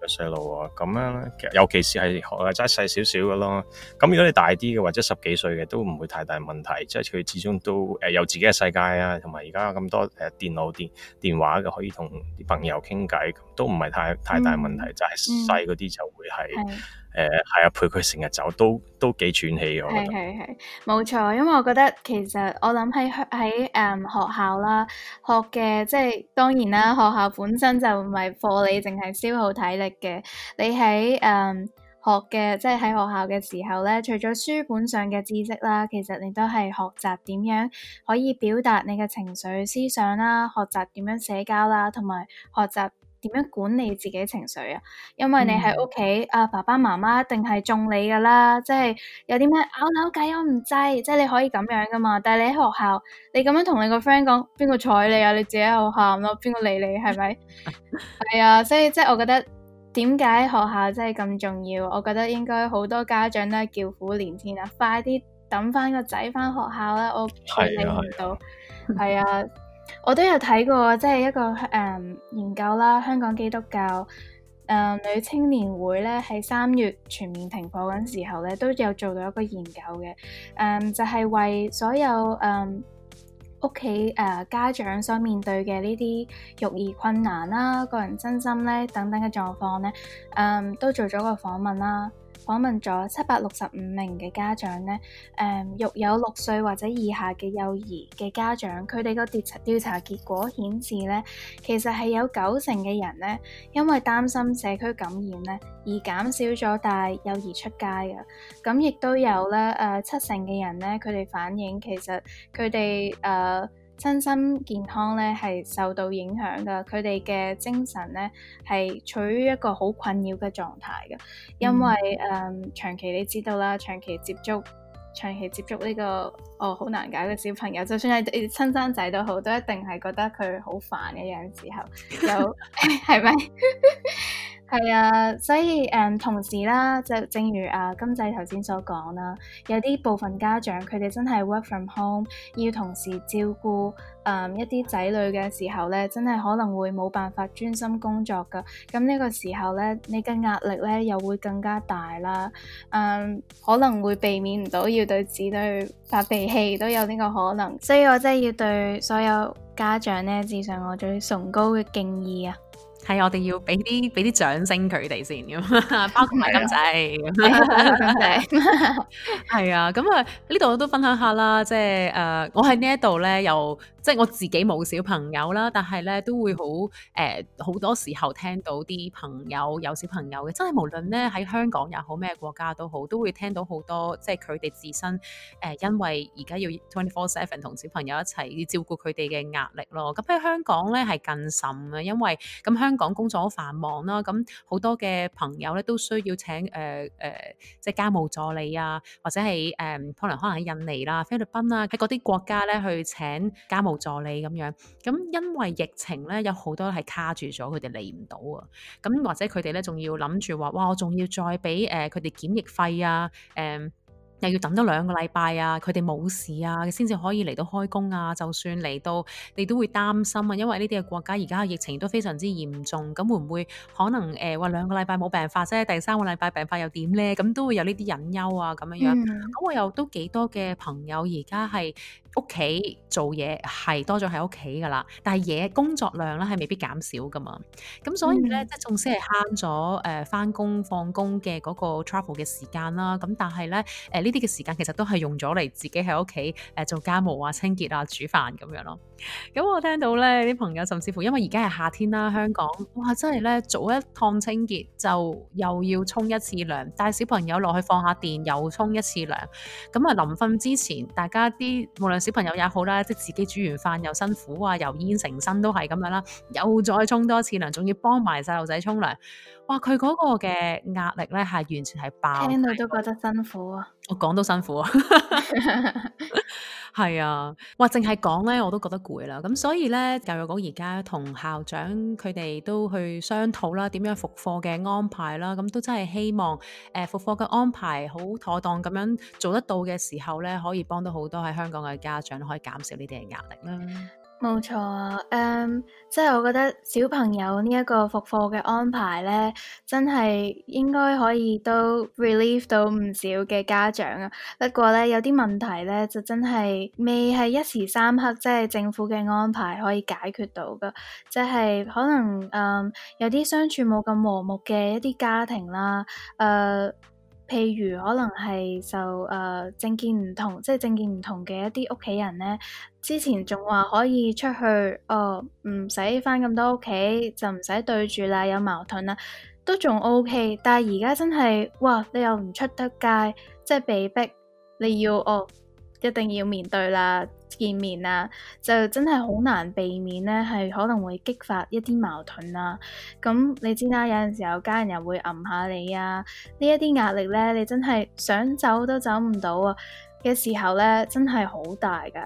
細路啊，咁樣呢，其實尤其是係誒齋細少少嘅咯咁如果你大啲嘅，或者十幾歲嘅，都唔會太大問題。即係佢始終都誒有自己嘅世界啊，同埋而家有咁多誒電腦電電話嘅，可以同啲朋友傾偈，都唔係太太大問題。嗯、就係細嗰啲就會。係誒，係啊是、呃，陪佢成日走都都幾喘氣，我覺得。係係係冇錯，因為我覺得其實我諗喺喺誒學校啦，學嘅即係當然啦，學校本身就唔係課你淨係消耗體力嘅，你喺誒、嗯、學嘅即係喺學校嘅時候咧，除咗書本上嘅知識啦，其實你都係學習點樣可以表達你嘅情緒思想啦，學習點樣社交啦，同埋學習。點樣管理自己情緒啊？因為你喺屋企，誒、嗯啊，爸爸媽媽一定係鍾你噶啦，即係有啲咩拗扭計，我唔制，即係你可以咁樣噶嘛。但係你喺學校，你咁樣同你個 friend 講，邊個睬你啊？你自己喺度喊咯，邊個理你係咪？係 啊，所以即係我覺得點解學校真係咁重要？我覺得應該好多家長都係叫苦連天啊。快啲等翻個仔翻學校啦，我適應唔到。係啊。 我都有睇過，即係一個誒、嗯、研究啦，香港基督教誒、嗯、女青年會咧，喺三月全面停課嗰陣時候咧，都有做到一個研究嘅，誒、嗯、就係、是、為所有誒屋、嗯、企誒、呃、家長所面對嘅呢啲育兒困難啦、啊、個人真心咧等等嘅狀況咧，誒、嗯、都做咗個訪問啦。訪問咗七百六十五名嘅家長咧，誒、嗯，育有六歲或者以下嘅幼兒嘅家長，佢哋個調查調查結果顯示咧，其實係有九成嘅人咧，因為擔心社區感染咧，而減少咗帶幼兒出街嘅。咁亦都有咧，誒、呃，七成嘅人咧，佢哋反映其實佢哋誒身心健康咧係受到影響噶，佢哋嘅精神咧係處於一個好困擾嘅狀態嘅，因為誒、嗯嗯、長期你知道啦，長期接觸長期接觸呢、這個哦好難搞嘅小朋友，就算係親生仔都好，都一定係覺得佢好煩嘅樣時候就係咪？ 是吧 係啊，所以誒、嗯，同時啦，就正如阿、啊、金仔頭先所講啦，有啲部分家長佢哋真係 work from home，要同時照顧誒、嗯、一啲仔女嘅時候咧，真係可能會冇辦法專心工作㗎。咁呢個時候咧，你嘅壓力咧又會更加大啦。誒、嗯，可能會避免唔到要對子女發脾氣都有呢個可能。所以我真係要對所有家長咧，致上我最崇高嘅敬意啊！係，我哋要俾啲俾啲掌聲佢哋先。 包括埋金仔，金仔係啊，咁啊呢度都分享下啦，即係誒，uh, 我喺呢一度咧又。即係我自己冇小朋友啦，但係咧都會好誒好多時候聽到啲朋友有小朋友嘅，真係無論咧喺香港又好，咩國家都好，都會聽到好多即係佢哋自身誒、呃、因為而家要 twenty four seven 同小朋友一齊照顧佢哋嘅壓力咯。咁喺香港咧係更甚啊，因為咁、嗯、香港工作好繁忙啦，咁、嗯、好多嘅朋友咧都需要請誒誒、呃呃、即係家務助理啊，或者係誒、呃、可能可能喺印尼啦、菲律賓啦，喺嗰啲國家咧去請家務助理咁樣，咁、嗯、因為疫情咧，有好多係卡住咗，佢哋嚟唔到啊。咁、嗯、或者佢哋咧，仲要諗住話，哇，我仲要再俾誒佢哋檢疫費啊，誒、呃。又要等多兩個禮拜啊，佢哋冇事啊，先至可以嚟到開工啊。就算嚟到，你都會擔心啊，因為呢啲嘅國家而家嘅疫情都非常之嚴重，咁會唔會可能誒話、呃、兩個禮拜冇病發啫，第三個禮拜病發又點咧？咁都會有呢啲隱憂啊，咁樣樣。咁、嗯、我又都幾多嘅朋友而家係屋企做嘢，係多咗喺屋企噶啦，但係嘢工作量咧係未必減少噶嘛。咁所以咧，即係仲先係慳咗誒返工放工嘅嗰個 travel 嘅時間啦。咁但係咧，誒呢？呃啲嘅時間其實都係用咗嚟自己喺屋企誒做家務啊、清潔啊、煮飯咁樣咯。咁我聽到咧啲朋友，甚至乎因為而家係夏天啦，香港哇真係咧早一趟清潔就又要沖一次涼，帶小朋友落去放下電又沖一次涼。咁啊臨瞓之前，大家啲無論小朋友也好啦，即係自己煮完飯又辛苦啊，油煙成身都係咁樣啦，又再沖多次涼，仲要幫埋細路仔沖涼。哇！佢嗰個嘅壓力咧，係完全係爆，聽到都覺得辛苦啊！我講都辛苦啊，係 啊！哇，淨係講咧，我都覺得攰啦。咁所以咧，教育局而家同校長佢哋都去商討啦，點樣復課嘅安排啦。咁都真係希望誒，復課嘅安排好妥當，咁樣做得到嘅時候咧，可以幫到好多喺香港嘅家長，可以減少呢啲嘅壓力啦。冇錯啊，嗯、即係我覺得小朋友呢一個復課嘅安排呢，真係應該可以都 relieve 到唔少嘅家長啊。不過呢，有啲問題呢，就真係未係一時三刻，即係政府嘅安排可以解決到㗎，即係可能、嗯、有啲相處冇咁和睦嘅一啲家庭啦，誒、呃。譬如可能係就誒、呃、政見唔同，即係政見唔同嘅一啲屋企人咧，之前仲話可以出去誒，唔使返咁多屋企，就唔使對住啦，有矛盾啦，都仲 OK。但係而家真係哇，你又唔出得街，即係被逼你要哦。一定要面對啦，見面啦，就真係好難避免呢，係可能會激發一啲矛盾啦。咁、嗯、你知啦，有陣時候家人又會暗下你啊，呢一啲壓力呢，你真係想走都走唔到啊嘅時候呢，真係好大㗎。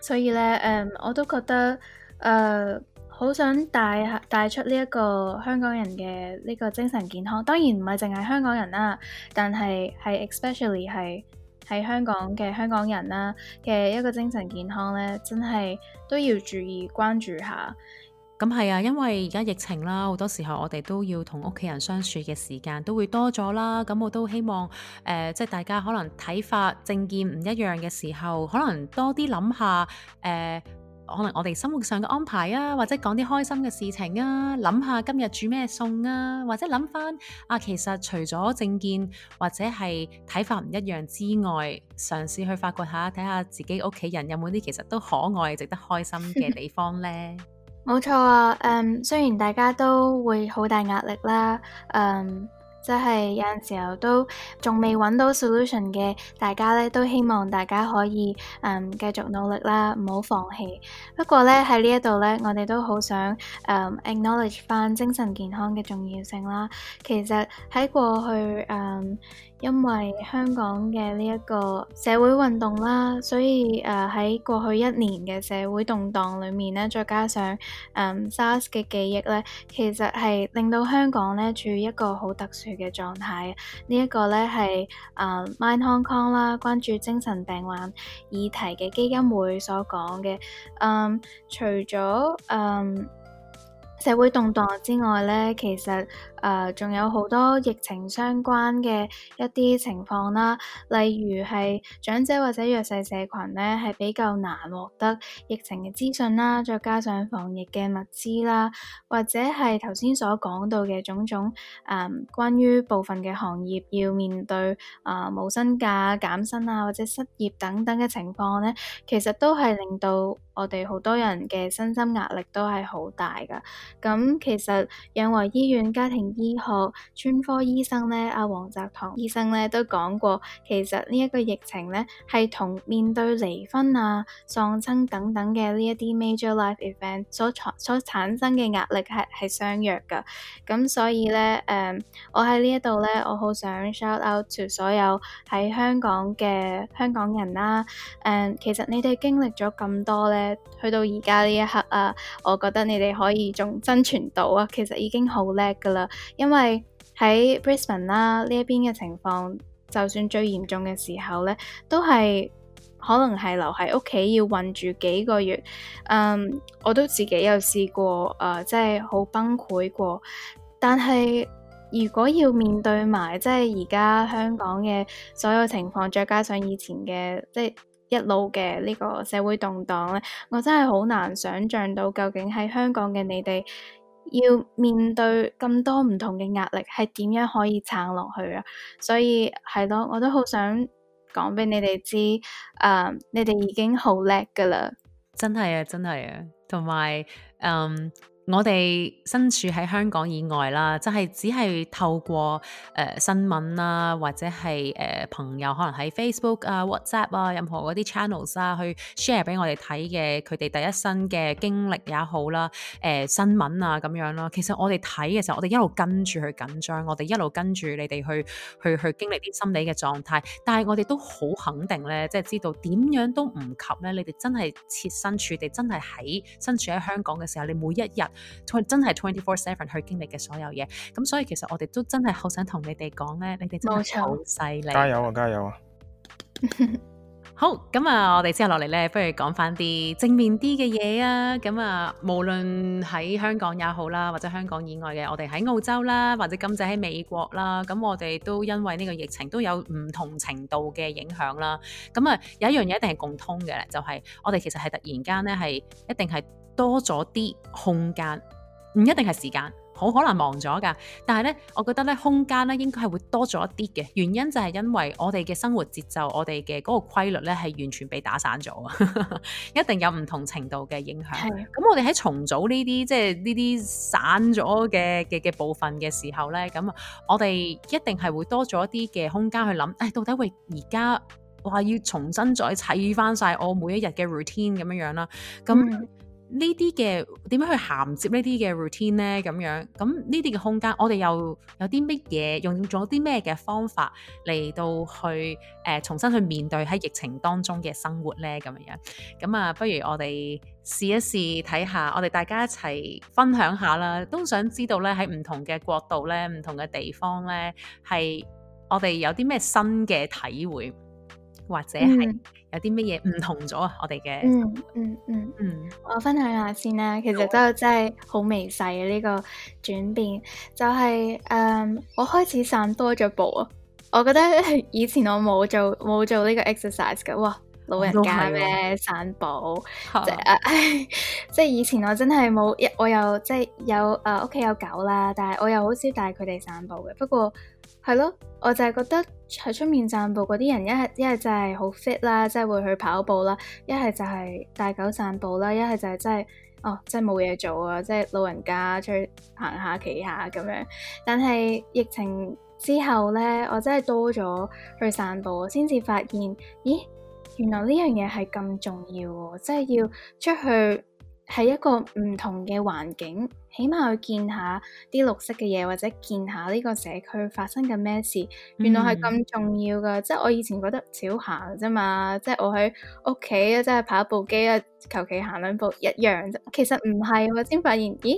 所以呢，誒、嗯，我都覺得誒，好、呃、想帶帶出呢一個香港人嘅呢個精神健康。當然唔係淨係香港人啦，但係係 especially 係。喺香港嘅香港人啦嘅一個精神健康咧，真係都要注意關注下。咁係啊，因為而家疫情啦，好多時候我哋都要同屋企人相處嘅時間都會多咗啦。咁我都希望誒，即、呃、係、就是、大家可能睇法政見唔一樣嘅時候，可能多啲諗下誒。呃可能我哋生活上嘅安排啊，或者講啲開心嘅事情啊，諗下今日煮咩餸啊，或者諗翻啊，其實除咗政見或者係睇法唔一樣之外，嘗試去發掘下，睇下自己屋企人有冇啲其實都可愛、值得開心嘅地方咧。冇錯 啊，誒、嗯，雖然大家都會好大壓力啦，誒、嗯。即係有陣時候都仲未揾到 solution 嘅，大家咧都希望大家可以嗯繼、um, 續努力啦，唔好放棄。不過咧喺呢一度咧，我哋都好想嗯、um, acknowledge 翻精神健康嘅重要性啦。其實喺過去嗯。Um, 因為香港嘅呢一個社會運動啦，所以誒喺、呃、過去一年嘅社會動盪裡面咧，再加上誒、嗯、SARS 嘅記憶咧，其實係令到香港咧處於一個好特殊嘅狀態。這個、呢一個咧係、嗯、誒 Mind Hong Kong 啦，關注精神病患議題嘅基金會所講嘅。嗯，除咗誒、嗯、社會動盪之外咧，其實誒，仲、呃、有好多疫情相關嘅一啲情況啦，例如係長者或者弱勢社群呢，係比較難獲得疫情嘅資訊啦，再加上防疫嘅物資啦，或者係頭先所講到嘅種種誒、呃，關於部分嘅行業要面對誒冇薪假、減薪啊，或者失業等等嘅情況呢，其實都係令到我哋好多人嘅身心壓力都係好大噶。咁、嗯、其實養和醫院家庭醫學專科醫生咧，阿黃澤棠醫生咧都講過，其實呢一個疫情咧係同面對離婚啊、喪親等等嘅呢一啲 major life event 所產所產生嘅壓力係係相若噶。咁所以咧，誒、嗯，我喺呢一度咧，我好想 shout out to 所有喺香港嘅香港人啦、啊。誒、嗯，其實你哋經歷咗咁多咧，去到而家呢一刻啊，我覺得你哋可以仲生存到啊，其實已經好叻噶啦。因為喺 Brisbane 啦呢一邊嘅情況，就算最嚴重嘅時候咧，都係可能係留喺屋企要韞住幾個月。嗯，我都自己有試過，誒、呃，即係好崩潰過。但係如果要面對埋即係而家香港嘅所有情況，再加上以前嘅即係一路嘅呢個社會動盪咧，我真係好難想像到究竟喺香港嘅你哋，要面對咁多唔同嘅壓力，係點樣可以撐落去啊？所以係咯，我都好想講俾你哋知，誒，uh，你哋已經好叻㗎喇！真係啊，真係啊，同埋，嗯。 我哋身處喺香港以外啦，就係只係透過誒、呃、新聞啊，或者係誒、呃、朋友可能喺 Facebook 啊、WhatsApp 啊，任何嗰啲 channels 啊，去 share 俾我哋睇嘅佢哋第一身嘅經歷也好啦，誒、呃、新聞啊咁樣咯，啊。其實我哋睇嘅時候，我哋一路跟住去緊張，我哋一路跟住你哋去去去，去經歷啲心理嘅狀態。但係我哋都好肯定呢，即、就、係、是、知道點樣都唔及呢，你哋真係切身處地，真係喺身處喺香港嘅時候，你每一日。真係 twenty four seven 去經歷嘅所有嘢，咁所以其實我哋都真係好想同你哋講咧，你哋真係好犀利。加油啊，加油啊！好，咁啊，我哋之後落嚟咧，不如講翻啲正面啲嘅嘢啊。咁啊，無論喺香港也好啦，或者香港以外嘅，我哋喺澳洲啦，或者今仔喺美國啦，咁我哋都因為呢個疫情都有唔同程度嘅影響啦。咁啊，有一樣嘢一定係共通嘅咧，就係我哋其實係突然間咧，係一定係。多咗啲空間，唔一定係時間，好可能忘咗噶。但係咧，我覺得咧，空間咧應該係會多咗一啲嘅。原因就係因為我哋嘅生活節奏，我哋嘅嗰個規律咧係完全被打散咗啊！ 一定有唔同程度嘅影響。咁對、嗯、我哋喺重組呢啲即係呢啲散咗嘅嘅嘅部分嘅時候咧，咁、嗯、我哋一定係會多咗一啲嘅空間去諗，誒、哎，到底會而家話要重新再砌翻晒我每一日嘅 routine 咁樣樣、啊、啦，咁、嗯。嗯呢啲嘅點樣去銜接呢啲嘅 routine 咧咁樣，咁呢啲嘅空間，我哋又有啲乜嘢用咗啲咩嘅方法嚟到去誒、呃、重新去面對喺疫情當中嘅生活咧咁樣？咁啊，不如我哋試一試睇下，我哋大家一齊分享下啦，都想知道咧喺唔同嘅國度咧、唔同嘅地方咧，係我哋有啲咩新嘅體會。或者係有啲乜嘢唔同咗啊？我哋嘅嗯嗯嗯嗯，我分享下先啦。其實都真係好微細嘅呢、呢個轉變，就係、係、誒、um, 我開始散多咗步啊！我覺得以前我冇做冇做呢個 exercise 嘅，哇老人家咩、啊、散步即係 以前我真係冇一我又即係有誒屋企有狗啦，但係我又好少帶佢哋散步嘅。不過係咯，我就係覺得喺出面散步嗰啲人，一係一係就係好 fit 啦，即係會去跑步啦，一係就係帶狗散步啦，一係就係真係哦，即係冇嘢做啊，即係老人家出去行下企下咁樣。但係疫情之後咧，我真係多咗去散步，先至發現，咦，原來呢樣嘢係咁重要喎，即係要出去。喺一個唔同嘅環境，起碼去見下啲綠色嘅嘢，或者見下呢個社區發生緊咩事，原來係咁重要噶。嗯、即係我以前覺得少行啫嘛，即係我喺屋企啊，即係跑步機啊，求其行兩步一樣啫。其實唔係，我先發現，咦？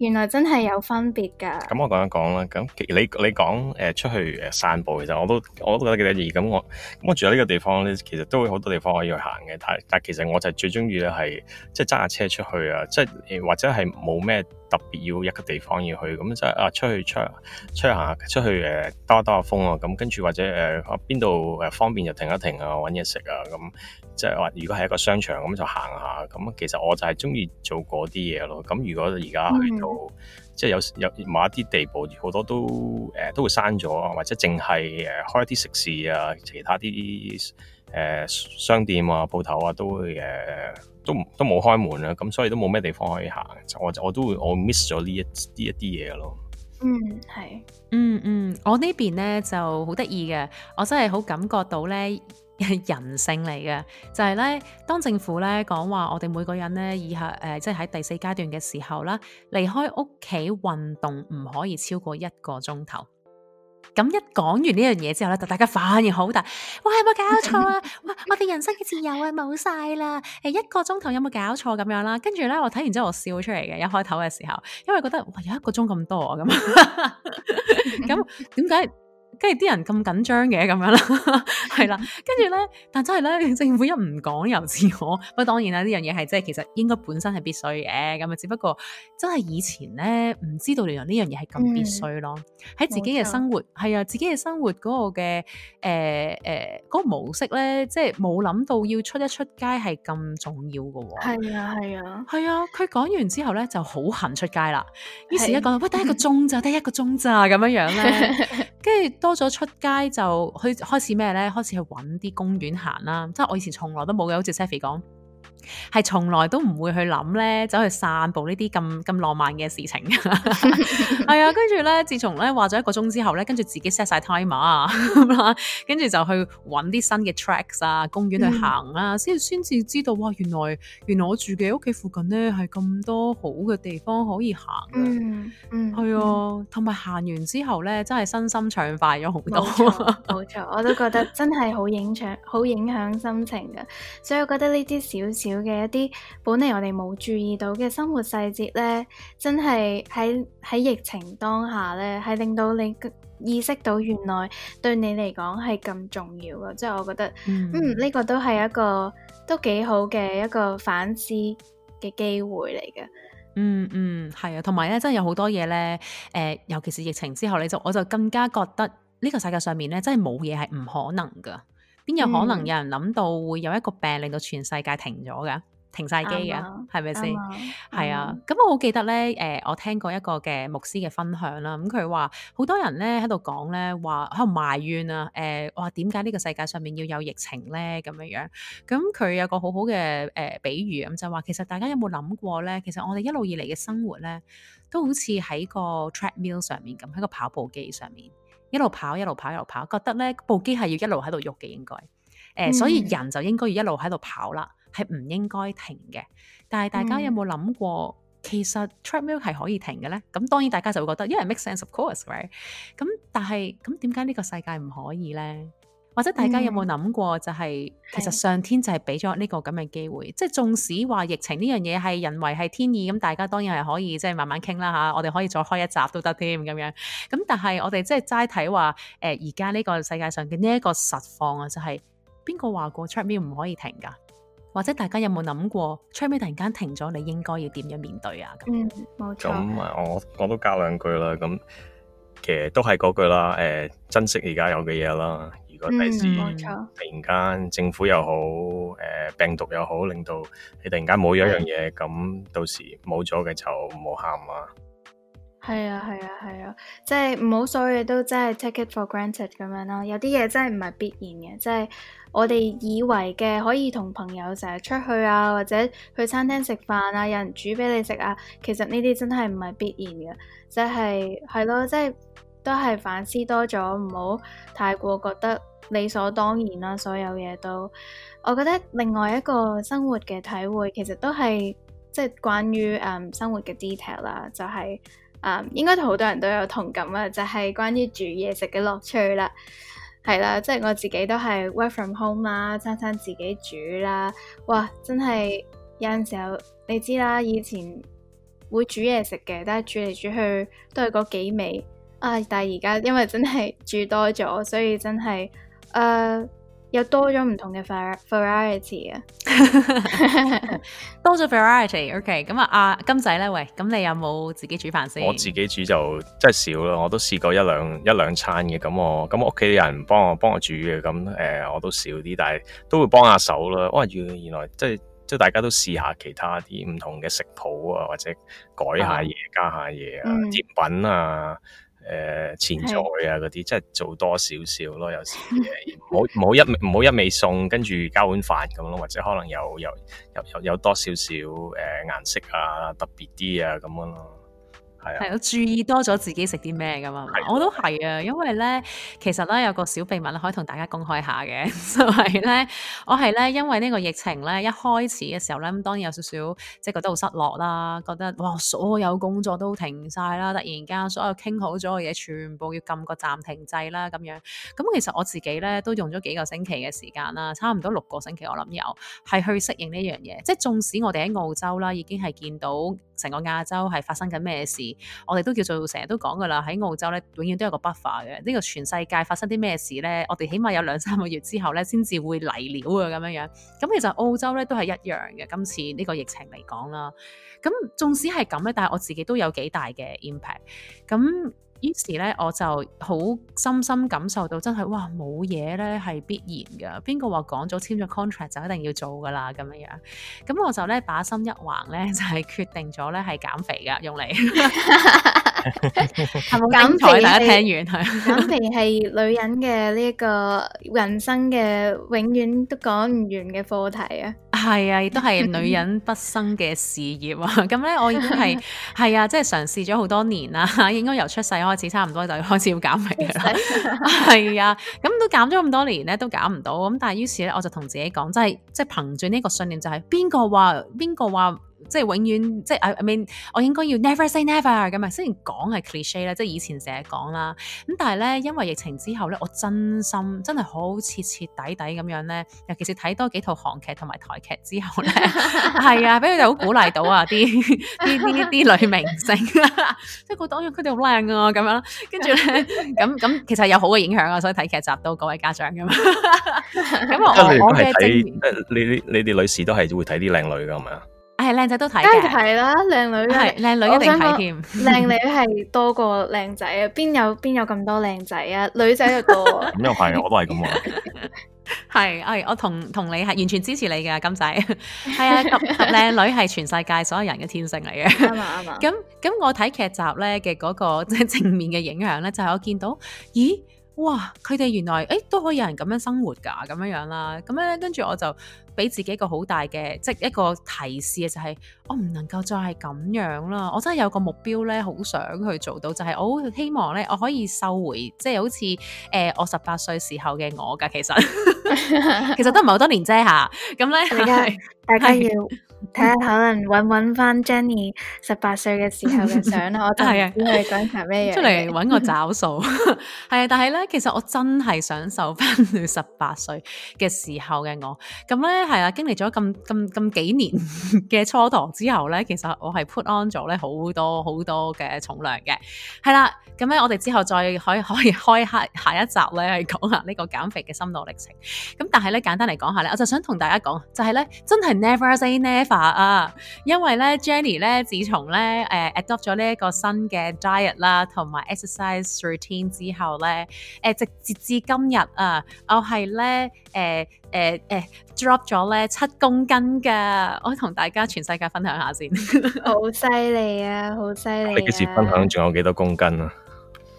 原來真係有分別噶，咁、嗯、我講一講啦。咁你你講誒出去誒散步，其實我都我都覺得幾得意。咁我咁我住喺呢個地方，其實都會好多地方可以去行嘅。但但其實我就最中意，咧係即係揸下車出去啊，即、就、係、係、或者係冇咩特別要一個地方要去咁即係啊出去出出去行出去誒兜兜下風啊。咁跟住或者誒邊度誒方便就停一停啊，搵嘢食啊咁。即係話，如果係一個商場，咁就行下，咁其實我就係中意做嗰啲嘢咯。咁如果而家去到，mm hmm. 即係有有某一啲地步，好多都誒、呃、都會閂咗，或者淨係誒開一啲食肆啊，其他啲誒、呃、商店啊、鋪頭啊，都會誒、呃、都都冇開門啦。咁所以都冇咩地方可以行。我我都會我 miss 咗呢一啲一啲嘢咯。嗯、mm，係、hmm. mm，嗯、hmm. 嗯，我呢邊咧就好得意嘅，我真係好感覺到咧。人性嚟嘅，就係咧，當政府咧講話，我哋每個人咧，以後誒，即係喺第四階段嘅時候啦，離開屋企運動唔可以超過一個鐘頭。咁一講完呢樣嘢之後咧，就大家反而好大，哇，有冇搞錯啊？哇，我哋人生嘅自由啊，冇晒啦！誒，一個鐘頭有冇搞錯咁樣啦？跟住咧，我睇完之後我笑出嚟嘅，一開頭嘅時候，因為覺得哇，有一個鐘咁多啊，咁， 咁點解？跟住啲人咁緊張嘅咁樣啦，係 啦。跟住咧，但真係咧，政府一唔講又自我。不過當然啦，呢樣嘢係即係其實應該本身係必須嘅。咁啊，只不過真係以前咧唔知道原來呢樣嘢係咁必須咯。喺、嗯、自己嘅生活係啊錯，自己嘅生活嗰個嘅誒誒嗰個模式咧，即係冇諗到要出一出街係咁重要嘅喎。係啊，係啊，係啊！佢講完之後咧，就好行出街啦。是的於是咧講喂，得一個鐘咋，得一個鐘咋咁樣樣咧。 跟住多咗出街就去開始咩呢？開始去搵啲公園行啦，即係我以前從來都冇嘅，好似 Safi 講。係從來都唔會去諗咧，走去散步呢啲咁咁浪漫嘅事情。係 啊、哎，跟住咧，自從咧話咗一個鐘之後咧，跟住自己 set 晒 timer 啊，跟 住就去搵啲新嘅 tracks 啊，公園去行啊，先先至知道哇，原來原來我住嘅屋企附近咧係咁多好嘅地方可以行嘅。嗯、mm，係、hmm. 啊、哎，同埋行完之後咧，真係身心暢快咗好多。冇錯，冇錯， 我都覺得真係 好影響好影響心情嘅。所以我覺得呢啲少少，嘅一啲本嚟我哋冇注意到嘅生活細節咧，真係喺喺疫情當下咧，係令到你意識到原來對你嚟講係咁重要噶。即係、嗯、我覺得，嗯，呢、呢個都係一個都幾好嘅一個反思嘅機會嚟嘅、嗯。嗯嗯，係啊，同埋咧，真係有好多嘢咧，誒、呃，尤其是疫情之後，你就我就更加覺得呢個世界上面咧，真係冇嘢係唔可能噶。邊有、嗯、可能有人諗到會有一個病令到全世界停咗嘅，停晒機嘅，係咪先？係、嗯、啊，咁、嗯、我好記得咧，誒、呃，我聽過一個嘅牧師嘅分享啦，咁佢話好多人咧喺度講咧，話喺度埋怨啊，誒、呃，話點解呢個世界上面要有疫情咧？咁樣樣，咁佢有個好好嘅誒比喻咁就話、是，其實大家有冇諗過咧？其實我哋一路以嚟嘅生活咧，都好似喺個 treadmill 上面咁，喺個跑步機上面。一路跑，一路跑，一路跑，覺得呢部機係要一路喺度喐嘅，應該，誒、嗯呃，所以人就應該要一路喺度跑啦，係唔應該停嘅。但係大家有冇諗過，嗯、其實 treadmill 係可以停嘅咧？咁當然大家就會覺得，因、yeah, 為 make sense of course，咁、right?，但係咁點解呢個世界唔可以咧？或者大家有冇諗過、就是，就係、嗯、其實上天就係俾咗呢個咁嘅機會。的即係縱使話疫情呢樣嘢係人為係天意，咁大家當然係可以即係慢慢傾啦吓。我哋可以再開一集都得添咁樣。咁但係我哋即係齋睇話誒，而家呢個世界上嘅呢一個實況啊，就係邊個話過出面唔可以停噶？或者大家有冇諗過出面突然間停咗，你應該要點樣面對啊？嗯，咁啊，我我都加兩句啦。咁其實都係嗰句啦。誒、呃，珍惜而家有嘅嘢啦。第時突然間政府又好，誒、呃、病毒又好，令到你突然間冇咗一樣嘢，咁到時冇咗嘅就唔好喊啊！係啊係啊係啊，即係唔好所有都真係 take it for granted 咁樣咯。有啲嘢真係唔係必然嘅，即係我哋以為嘅可以同朋友成日出去啊，或者去餐廳食飯啊，有人煮俾你食啊，其實呢啲真係唔係必然嘅，就係，即係係咯，即係。都係反思多咗，唔好太過覺得理所當然啦。所有嘢都，我覺得另外一個生活嘅體會，其實都係即係關於誒、um, 生活嘅 detail 啦。就係、是、誒、um, 應該同好多人都有同感呀，就係、是、關於煮嘢食嘅樂趣啦。係啦，即、就、係、是、我自己都係 work from home 啦，餐餐自己煮啦。哇，真係有陣時候你知啦，以前會煮嘢食嘅，但係煮嚟煮去都係嗰幾味。啊！但係而家因為真係住多咗，所以真係誒又多咗唔同嘅 var variety 啊，多咗 variety。OK，咁啊，阿金仔咧，喂，咁你有冇自己煮飯先？我自己煮就真係少啦，我都試過一兩一兩餐嘅。咁我咁屋企人幫我幫我煮嘅，咁誒、呃、我都少啲，但係都會幫下手啦。哇！原原來即係即係大家都試下其他啲唔同嘅食譜啊，或者改下嘢，加下嘢啊，嗯、甜品啊。誒、uh, 前菜啊嗰啲，Okay. 即係做多少少咯，有時嘅，唔好唔好 一唔好一味餸，跟住加碗飯咁咯，或者可能有有有有多，多少少誒顏、呃、色啊，特別啲啊咁樣咯。係啊！我注意多咗自己食啲咩噶嘛，的我都係啊，因為咧其實咧有個小秘密可以同大家公開下嘅， 就係咧我係咧因為呢個疫情咧一開始嘅時候咧，咁當然有少少即係覺得好失落啦，覺得哇所有工作都停晒啦，突然間所有傾好咗嘅嘢全部要撳個暫停掣啦咁樣。咁、嗯、其實我自己咧都用咗幾個星期嘅時間啦，差唔多六個星期我諗有，係去適應呢樣嘢。即係縱使我哋喺澳洲啦，已經係見到成個亞洲係發生緊咩事。我哋都叫做成日都講噶啦，喺澳洲咧永遠都有個 buffer 嘅，呢個全世界發生啲咩事咧，我哋起碼有兩三個月之後咧，先至會嚟料呀咁樣樣。咁其實澳洲咧都係一樣嘅，今次呢個疫情嚟講啦。咁縱使係咁咧，但係我自己都有幾大嘅 impact。咁於是咧，我就好深深感受到真係哇，冇嘢咧係必然嘅。邊個話講咗簽咗 contract 就一定要做㗎啦，咁樣樣。咁我就咧把心一橫咧，就係決定咗咧係減肥嘅用嚟。減肥大家聽完係。減肥係女人嘅呢一個人生嘅永遠都講唔完嘅課題啊！係啊，亦都係女人畢生嘅事業啊！咁咧，我已經係係啊，即係嘗試咗好多年啦。應該由出世開始差唔多就要開始要減肥啦，係啊，咁都減咗咁多年，都減唔到，但係於是咧我就同自己講，即係即係憑住呢個信念就是說，就係邊個話邊個話。即係永遠，即係 I mean，我應該要 never say never 咁啊。雖然講係 cliche 啦，即係以前成日講啦。咁但係咧，因為疫情之後咧，我真心真係好徹徹底底咁樣咧。尤其是睇多幾套韓劇同埋台劇之後咧，係 啊，俾佢哋好鼓勵到啊啲啲啲啲女明星，即 係覺得啊，佢哋好靚啊咁樣。跟住咧，咁咁其實有好嘅影響啊。所以睇劇集都各位家長咁啊。咁但你 我我嘅你你你哋女士都係會睇啲靚女噶嘛。係咪啊？係靚仔都睇嘅，梗係睇啦！靚女靚女一定睇添，靚女係多過靚仔啊！邊有邊有咁多靚仔啊？女仔就多，咁又係，我都係咁話。係係，我同同你係完全支持你嘅，金仔係啊！特特靚女係全世界所有人嘅天性嚟嘅，啱啊啱啊！咁咁，我睇劇集咧嘅嗰個即係正面嘅影響咧，就係我見到咦。哇！佢哋原來誒、欸、都可以有人咁樣生活噶，咁樣樣啦，咁咧跟住我就俾自己一個好大嘅，即係一個提示啊，就係、是、我唔能夠再係咁樣啦，我真係有個目標咧，好想去做到，就係、是、我好希望咧，我可以收回，即係好似誒、呃、我十八歲時候嘅我噶，其實 其實都唔係好多年啫吓，咁、啊、咧，呢在是大家要。睇下 可能揾揾翻 Jenny 十八歲嘅時候嘅相啦， 我都係唔知佢講係咩嘢。出嚟揾個找數，係啊！但係咧，其實我真係想瘦翻十八歲嘅時候嘅我。咁咧係啊，經歷咗咁咁咁幾年嘅蹉跎之後咧，其實我係 put on 咗咧好多好多嘅重量嘅。係啦，咁咧我哋之後再可以可以開下下一集咧，係講下呢個減肥嘅心路歷程。咁但係咧，簡單嚟講下咧，我就想同大家講，就係、是、咧真係 never say never。啊，因為咧 Jenny 咧自從咧誒、呃、adopt 咗呢一個新嘅 diet 啦，同埋 exercise routine 之後咧，誒、呃、直直至今日啊，我係咧誒誒誒 drop 咗咧七公斤嘅，我同大家全世界分享下先，好犀利啊，好犀利、啊！ 你幾時分享仲有幾多公斤啊？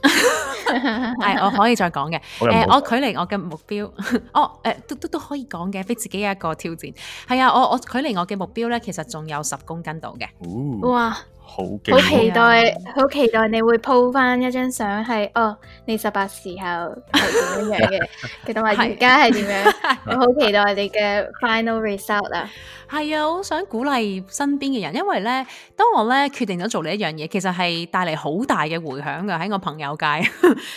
係， 我可以再講嘅。誒、欸，我距離我嘅目標，我 誒、哦欸、都都都可以講嘅，俾自己一個挑戰。係啊，我我距離我嘅目標咧，其實仲有十公斤度嘅。哇、哦！好期待，好期待你會 po 翻一張相，係哦，你十八時候係點樣樣嘅，同埋而家係點樣？我好期待你嘅 final result 啊！係啊，我想鼓勵身邊嘅人，因為咧，當我咧決定咗做呢一樣嘢，其實係帶嚟好大嘅回響嘅喺我朋友界，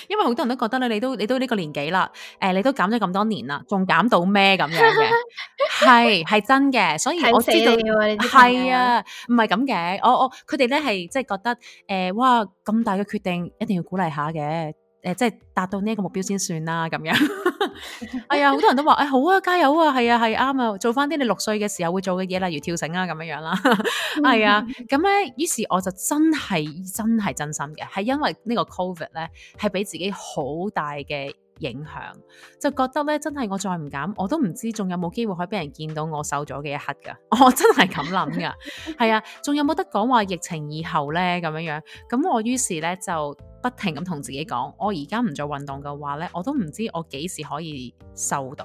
因為好多人都覺得咧，你都你都呢個年紀啦，誒，你都減咗咁多年啦，仲減到咩咁樣嘅？係係真嘅，所以我知道係啊，唔係咁嘅，我我佢哋。你咧，係即係覺得誒、呃，哇咁大嘅決定一定要鼓勵下嘅，誒、呃、即係達到呢個目標先算啦咁樣。 哎呀，好多人都話，誒、哎、好啊，加油啊，係啊，係啱啊，啊，做翻啲你六歲嘅時候會做嘅嘢，例如跳繩啊咁樣樣啦，係啊。咁咧，于、 哎、呀 是我就真係真係真心嘅，係因為個呢個 covid 咧，係俾自己好大嘅影響就覺得咧，真係我再唔減，我都唔知仲有冇機會可以俾人見到我瘦咗嘅一刻噶。我真係咁諗噶，係啊， 仲有冇得講話疫情以後呢？咁樣樣？咁我於是咧就不停咁同自己講，我而家唔做運動嘅話咧，我都唔知我幾時可以瘦到？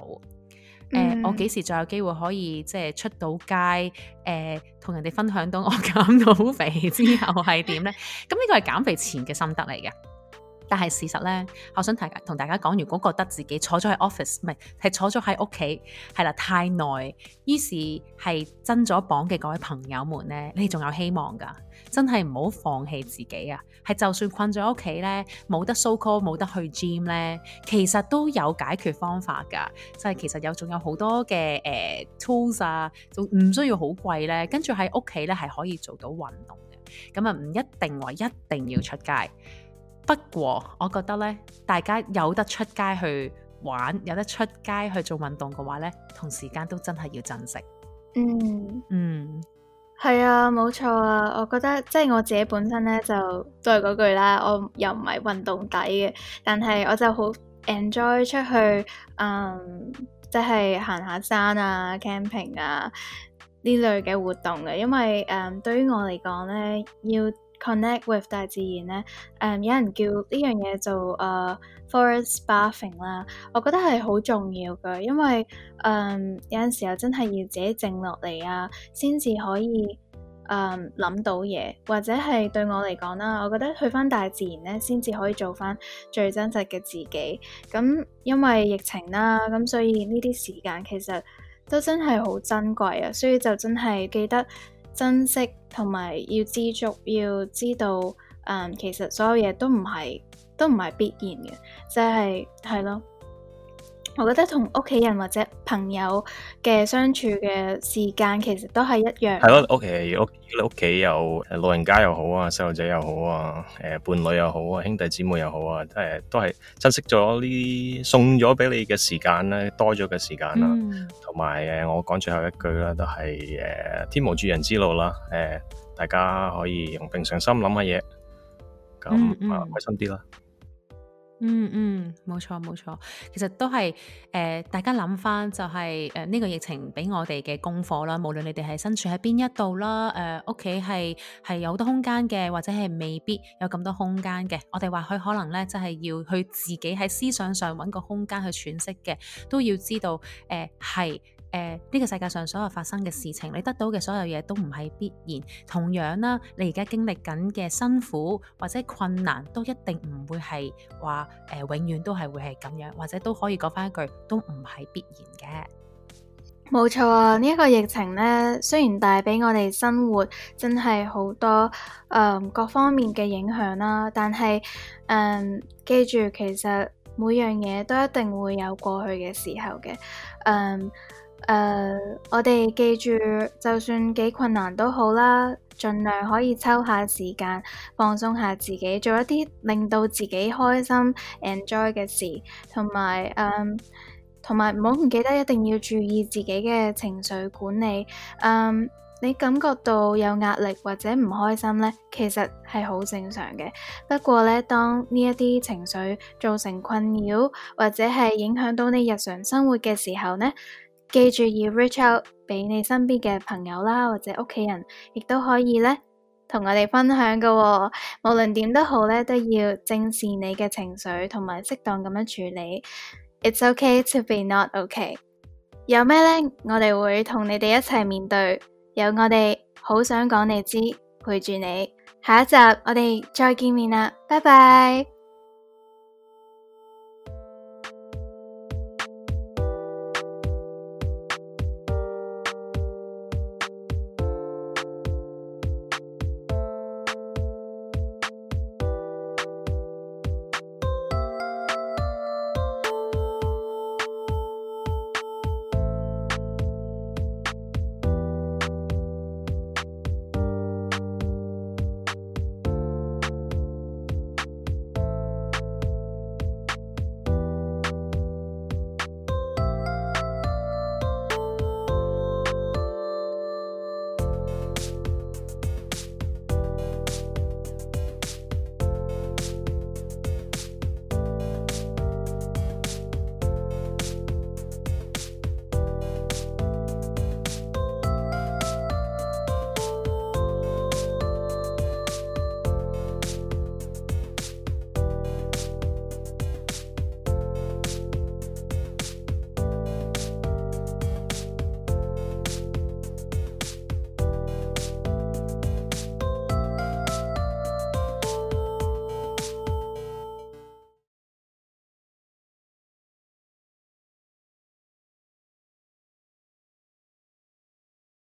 誒、嗯呃，我幾時再有機會可以即係出到街？誒、呃，同人哋分享到我減到肥之後係點呢？咁呢 個係減肥前嘅心得嚟嘅。但係事實呢，我想提同大家講，如果覺得自己坐咗喺 office，唔係係坐咗喺屋企，係啦太耐，於是係增咗磅嘅各位朋友們咧，你仲有希望噶，真係唔好放棄自己啊！係就算困咗屋企呢，冇得 social，冇得去 gym 呢，其實都有解決方法噶，就係、是、其實有仲有好多嘅誒、呃、tools 啊，仲唔需要好貴呢。跟住喺屋企呢，係可以做到運動嘅，咁啊唔一定話一定要出街。不過，我覺得咧，大家有得出街去玩，有得出街去做運動嘅話咧，同時間都真係要珍惜。嗯嗯，係、嗯、啊，冇錯啊，我覺得即係我自己本身咧就都係嗰句啦，我又唔係運動底嘅，但係我就好 enjoy 出去，嗯，即係行下山啊、camping 啊呢類嘅活動嘅，因為誒、嗯、對於我嚟講咧要。Connect with 大自然咧，誒、um，有人叫呢樣嘢做誒、uh, forest bathing 啦，我覺得係好重要嘅，因為誒、um，有陣時候真係要自己靜落嚟啊，先至可以誒諗、um，到嘢，或者係對我嚟講啦，我覺得去翻大自然咧，先至可以做翻最真實嘅自己。咁因為疫情啦，咁所以呢啲時間其實都真係好珍貴啊，所以就真係記得。珍惜同埋要知足，要知道，嗯，其實所有嘢都唔係，都唔係必然嘅，即係係咯。我覺得同屋企人或者朋友嘅相處嘅時間，其實都係一樣。係咯，屋企，如果你屋企有誒老人家又好啊，細路仔又好啊，誒伴侶又好啊，兄弟姊妹又好啊，誒都係珍惜咗呢啲送咗俾你嘅時間咧，多咗嘅時間啦。同埋誒，我講最後一句啦，都係誒、呃、天無絕人之路啦。誒、呃，大家可以用平常心諗下嘢咁、嗯嗯啊、開心啲啦。嗯嗯，冇錯冇錯，其實都係誒、呃，大家諗翻就係誒呢個疫情俾我哋嘅功課啦。無論你哋係身處喺邊一度啦，誒屋企係係有好多空間嘅，或者係未必有咁多空間嘅，我哋或許可能咧，真、就、係、是、要去自己喺思想上搵個空間去喘息嘅，都要知道誒係。呃誒，呢個、呃，這個世界上所有發生嘅事情，你得到嘅所有嘢，都唔係必然。同樣啦，你而家經歷緊嘅辛苦或者困難，都一定唔會係話誒，永遠都係會係咁樣，或者都可以講返一句，都唔係必然嘅。冇錯啊！呢、這、一個疫情呢，雖然帶俾我哋生活真係好多、呃、各方面嘅影響啦，但係誒、呃、記住，其實每樣嘢都一定會有過去嘅時候嘅誒。呃誒，uh, 我哋記住，就算幾困難都好啦，盡量可以抽下時間放鬆下自己，做一啲令到自己開心 enjoy 嘅事，同埋嗯，同埋唔好唔記得一定要注意自己嘅情緒管理。嗯，um，你感覺到有壓力或者唔開心呢，其實係好正常嘅。不過呢，當呢一啲情緒造成困擾，或者係影響到你日常生活嘅時候呢，記住要 reach out 俾你身邊嘅朋友啦，或者屋企人，亦都可以咧同我哋分享㗎喎。無論點都好咧，都要正視你嘅情緒，同埋適當咁樣處理。It's okay to be not okay。有咩咧，我哋會同你哋一齊面對。有我哋好想講你知，陪住你。下一集我哋再見面啦，拜拜。